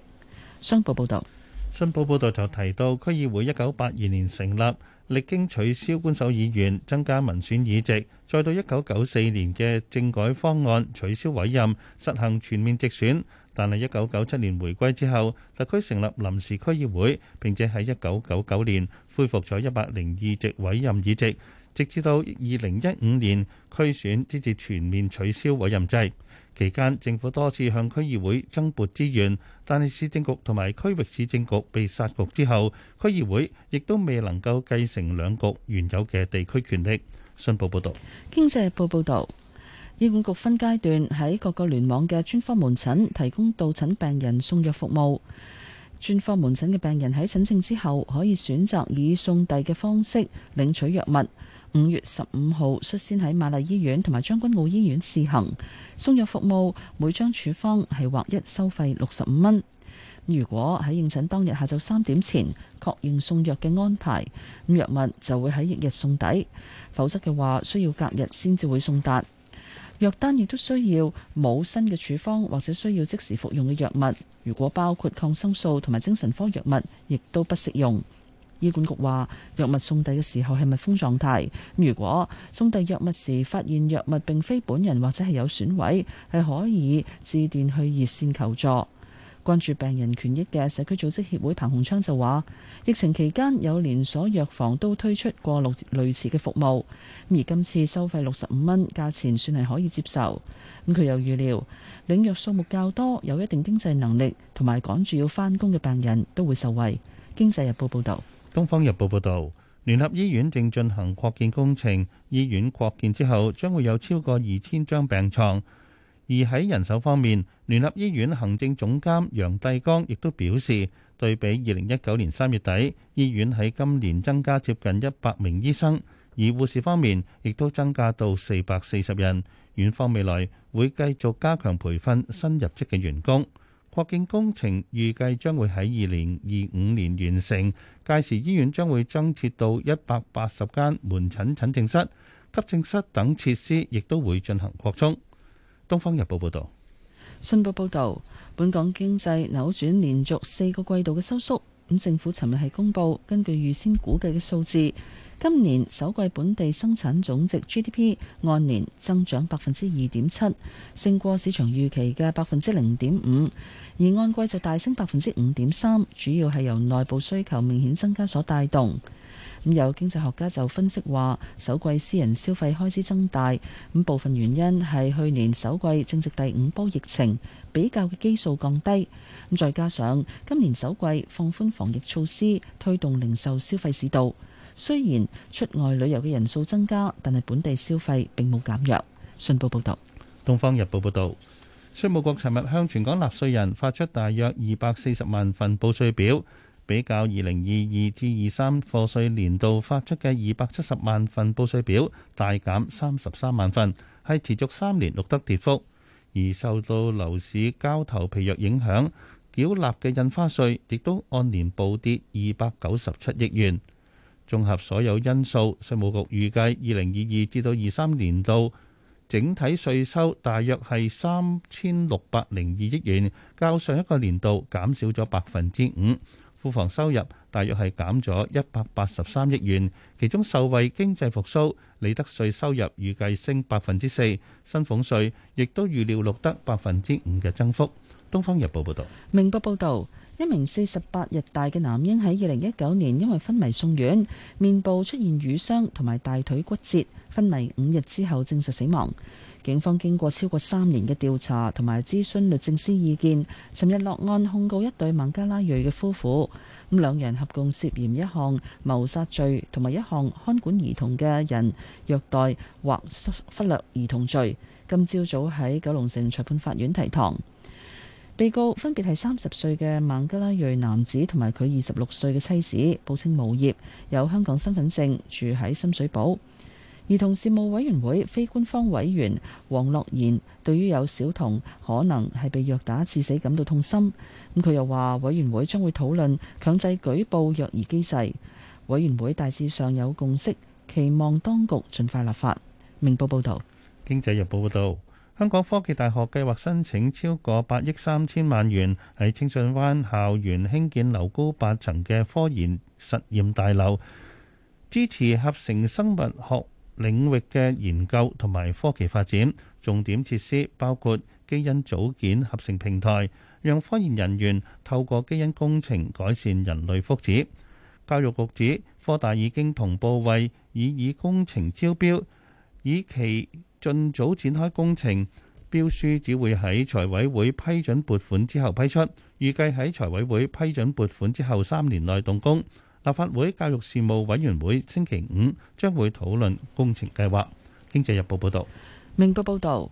[SPEAKER 3] 商報報導，
[SPEAKER 4] 新報報導就提到，區議會一九八二年成立，歷經取消官守議員、增加民選議席，再到一九九四年嘅政改方案取消委任，實行全面直選。但係一九九七年回歸之後，特區成立臨時區議會，並且喺一九九九年恢復咗一百零二席委任議席。直至到二零一五年區選，直至全面取消委任制期間，政府多次向區議會增撥資源，但係市政局同埋區域市政局被殺局之後，區議會亦都未能夠繼承兩局原有嘅地區權力。信報報道，
[SPEAKER 3] 經濟日報報道，醫管局分階段喺各個聯網嘅專科門診提供到診病人送藥服務。專科門診嘅病人喺診症之後，可以選擇以送遞嘅方式領取藥物。五月十五號率先喺瑪麗醫院同埋將軍澳醫院試行送藥服務，每張處方係劃一收費六十五蚊。如果喺應診當日下晝三點前確認送藥嘅安排，咁藥物就會喺翌日送抵；否則嘅話，需要隔日先至會送達。藥單亦都需要冇新嘅處方或者需要即時服用嘅藥物。如果包括抗生素同埋精神科藥物，亦都不適用。醫管局話：藥物送遞嘅時候係密封狀態。如果送遞藥物時發現藥物並非本人或者係有損毀，係可以致電去熱線求助。關注病人權益嘅社區組織協會彭洪昌就話：疫情期間有連鎖藥房都推出過六類似嘅服務。而今次收費六十五蚊，價錢算係可以接受。咁佢又預料，領藥數目較多、有一定經濟能力同埋趕住要返工嘅病人都會受惠。經濟日報報導。
[SPEAKER 4] 《東方日報》報導，聯合醫院正進行擴建工程，醫院擴建之後將會有超過二千張病床。而喺人手方面，聯合醫院行政總監楊帝剛亦都表示，對比二零一九年三月底，醫院喺今年增加接近一百名醫生，而護士方面亦都增加到四百四十人。院方未來會繼續加強培訓新入職嘅員工。擴建工程預計將會喺二零二五年完成，屆時醫院將會增設到一百八十間門診診症室、急症室等設施，亦都會進行擴充。東方日報報道，
[SPEAKER 3] 信報報道，本港經濟扭轉連續四個季度嘅收縮，咁政府尋日係公布，根據預先估計嘅數字。今年首季本地生產總值 GDP 按年增長百分之二點七，勝過市場預期嘅百分之零點五，而按季就大升百分之五點三，主要係由內部需求明顯增加所帶動，嗯。咁有經濟學家就分析話，首季私人消費開支增大，咁部分原因係去年首季正值第五波疫情，比較嘅基數降低，咁再加上今年首季放寬防疫措施，推動零售消費市道。雖然出外旅遊嘅人數增加，但係本地消費並冇減弱。信報報道：
[SPEAKER 4] 《東方日報》報道，稅務局尋日向全港納稅人發出大約二百四十萬份報稅表，比較二零二二至二三課稅年度發出嘅二百七十萬份報稅表，大減三十三萬份，係持續三年錄得跌幅。而受到樓市交投疲弱影響，繳納嘅印花稅亦都按年暴跌二百九十七億元。綜合所有因素，稅務局預計二零二二至到二三年度整體稅收大約係三千六百零二億元，較上一個年度減少咗百分之五。庫房收入大約係減咗一百八十三億元，其中受惠經濟復甦，利得稅收入預計升百分之四，薪俸稅亦都預料錄得百分之五嘅增幅。《東方日報》報道。
[SPEAKER 3] 《明報》報道。一名四十八日大嘅男嬰喺二零一九年因為昏迷送院，面部出現瘀傷同埋大腿骨折，昏迷五日之後證實死亡。警方經過超過三年嘅調查同埋諮詢律政司意見，尋日落案控告一對孟加拉裔嘅夫婦，咁兩人合共涉嫌一項謀殺罪同埋一項看管兒童嘅人虐待或忽略兒童罪。今朝早喺九龍城裁判法院提堂。被告分別係三十歲嘅孟加拉裔男子同埋佢二十六歲嘅妻子，報稱無業，有香港身份證，住喺深水埗。兒童事務委員會非官方委員黃樂賢對於有小童可能係被虐打致死感到痛心。咁佢又話，委員會將會討論強制舉報虐兒機制。委員會大致上有共識，期望當局盡快立法。明報報導，
[SPEAKER 4] 經濟日報報導。香港科技大學計劃申請超過八億三千萬元，喺清水灣校園興建樓高八層嘅科研實驗大樓，支持合成生物學領域嘅研究同埋科技發展。重點設施包括基因組件合成平台，讓科研人員透過基因工程改善人類福祉。教育局指科大已經同步為已以，以工程招標，以期，盡早展開工程，標書只會喺財委會批准撥款之後批出，預計喺財委會批准撥款之後三年內動工。立法會教育事務委員會星期五將會討論工程計劃。經濟日報報導，
[SPEAKER 3] 明報報導，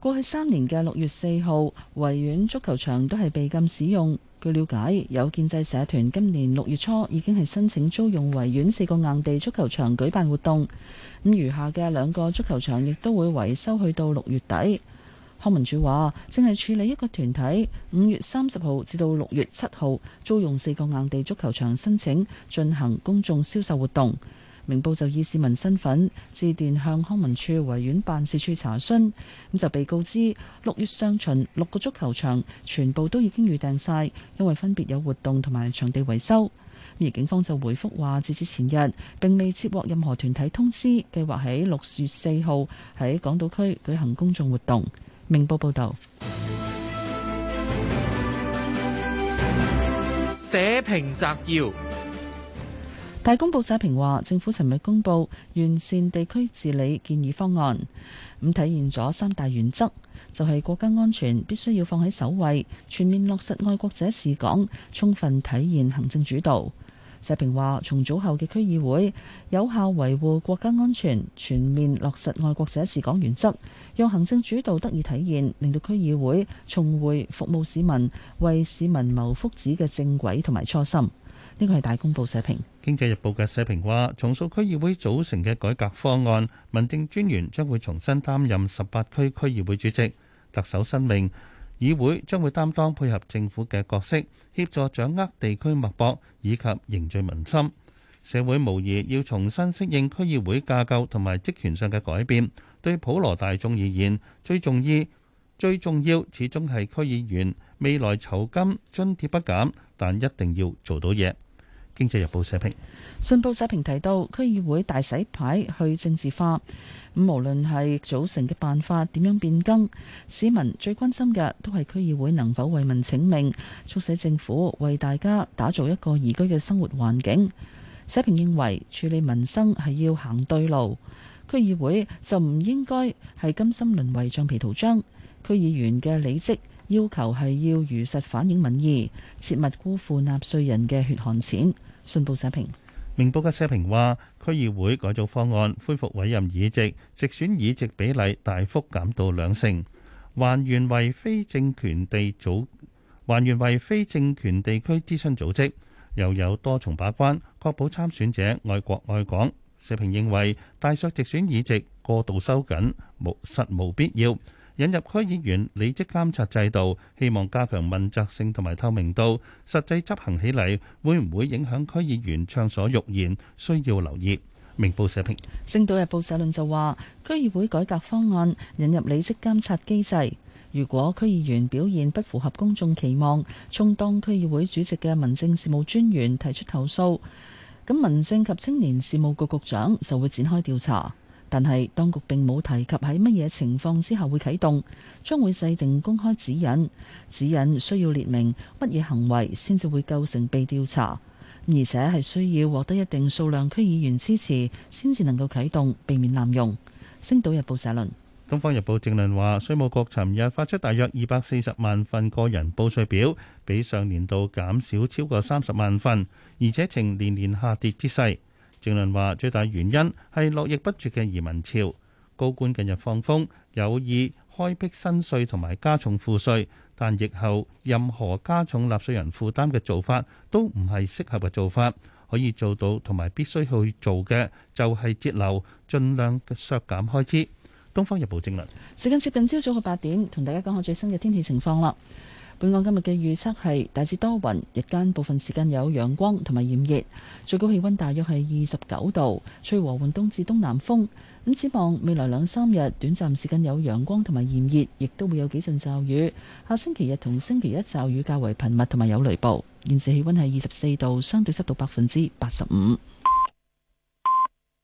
[SPEAKER 3] 過去三年嘅六月四號，維園足球場都係被禁使用。據了解，有建制社團今年六月初已經係申請租用維園四個硬地足球場舉辦活動，咁餘下嘅兩個足球場亦都會維修去到六月底。康文署話，正係處理一個團體五月三十號至到六月七號租用四個硬地足球場，申請進行公眾銷售活動。明報就以市民身份致電向康文署維園辦事處查詢，咁就被告知六月上旬六個足球場全部都已經預訂晒，因為分別有活動同埋場地維修。而警方就回覆話，截至前日並未接獲任何團體通知，計劃喺六月四號喺港島區舉行公眾活動。明報報道。
[SPEAKER 11] 社評摘要。
[SPEAKER 3] 大公報社評話，政府尋日公布完善地區治理建議方案，咁體現咗三大原則，就係國家安全必須要放喺首位，全面落實愛國者治港，充分體現行政主導。社評話重組後嘅區議會有效維護國家安全，全面落實愛國者治港原則，讓行政主導得以體現，令到區議會重回服務市民、為市民謀福祉嘅正軌同埋初心。呢個係大公報社評。
[SPEAKER 4] 《經濟日報》嘅社評話，重塑區議會組成嘅改革方案，民政專員將會重新擔任十八區區議會主席，特首申明，議會將會擔當配合政府嘅角色，協助掌握地區脈搏以及凝聚民心。社會無疑要重新適應區議會架構同埋職權上嘅改變。對普羅大眾而言，最重要最重要始終係區議員未來酬金津貼不減，但一定要做到嘢。經濟日報社評，
[SPEAKER 3] 信報社評提到區議會大洗牌，去政治化，咁無論係組成嘅辦法點樣變更，市民最關心嘅都係區議會能否為民請命，促使政府為大家打造一個宜居嘅生活環境。社評認為處理民生係要行對路，區議會就唔應該係甘心淪為橡皮圖章，區議員嘅理職。要求係要如實反映民意，切勿辜負納稅人嘅血汗錢。信報社評，
[SPEAKER 4] 明報嘅社評話，區議會改造方案恢復委任議席，直選議席比例大幅減到兩成，還原為非政權地組，還原為非政權地區諮詢組織，又有多重把關，確保參選者愛國愛港。社評認為，大削直選議席過度收緊，無實無必要。引入區議員履職監察制度，希望加強問責性同埋透明度。實際執行起嚟，會唔會影響區議員暢所欲言？需要留意。明報社評，
[SPEAKER 3] 《星島日報》社論就話：區議會改革方案引入履職監察機制，如果區議員表現不符合公眾期望，充當區議會主席嘅民政事務專員提出投訴，咁民政及青年事務局局長就會展開調查。但係當局並冇提及喺乜嘢情況之下會啟動，將會制定公開指引，指引需要列明乜嘢行為先至會構成被調查，而且係需要獲得一定數量區議員支持，先至能夠啟動，避免濫用。星島日報社論，
[SPEAKER 4] 東方日報正論話，稅務局尋日發出大約二百四十萬份個人報稅表，比上年度減少超過三十萬份，而且呈年年下跌之勢。政論話最大原因係落繹不絕嘅移民潮。高官近日放風有意開闢新稅同埋加重賦稅，但疫後任何加重納稅人負擔嘅做法都唔係適合嘅做法。可以做到同埋必須去做嘅就係節流，盡量削減開支。《東方日報正論》政
[SPEAKER 3] 論時間接近朝早嘅八點，同大家講下最新嘅天氣情況啦。本港今日嘅預測係大致多雲，日間部分時間有陽光同埋炎熱，最高氣溫大約係二十九度，吹和緩東至東南風。咁展望未來兩三日，短暫時間有陽光同埋炎熱，亦都會有幾陣驟雨。下星期日同星期一驟雨較為頻密，同埋有雷暴。現時氣溫係二十四度，相對濕度百分之八十
[SPEAKER 4] 五。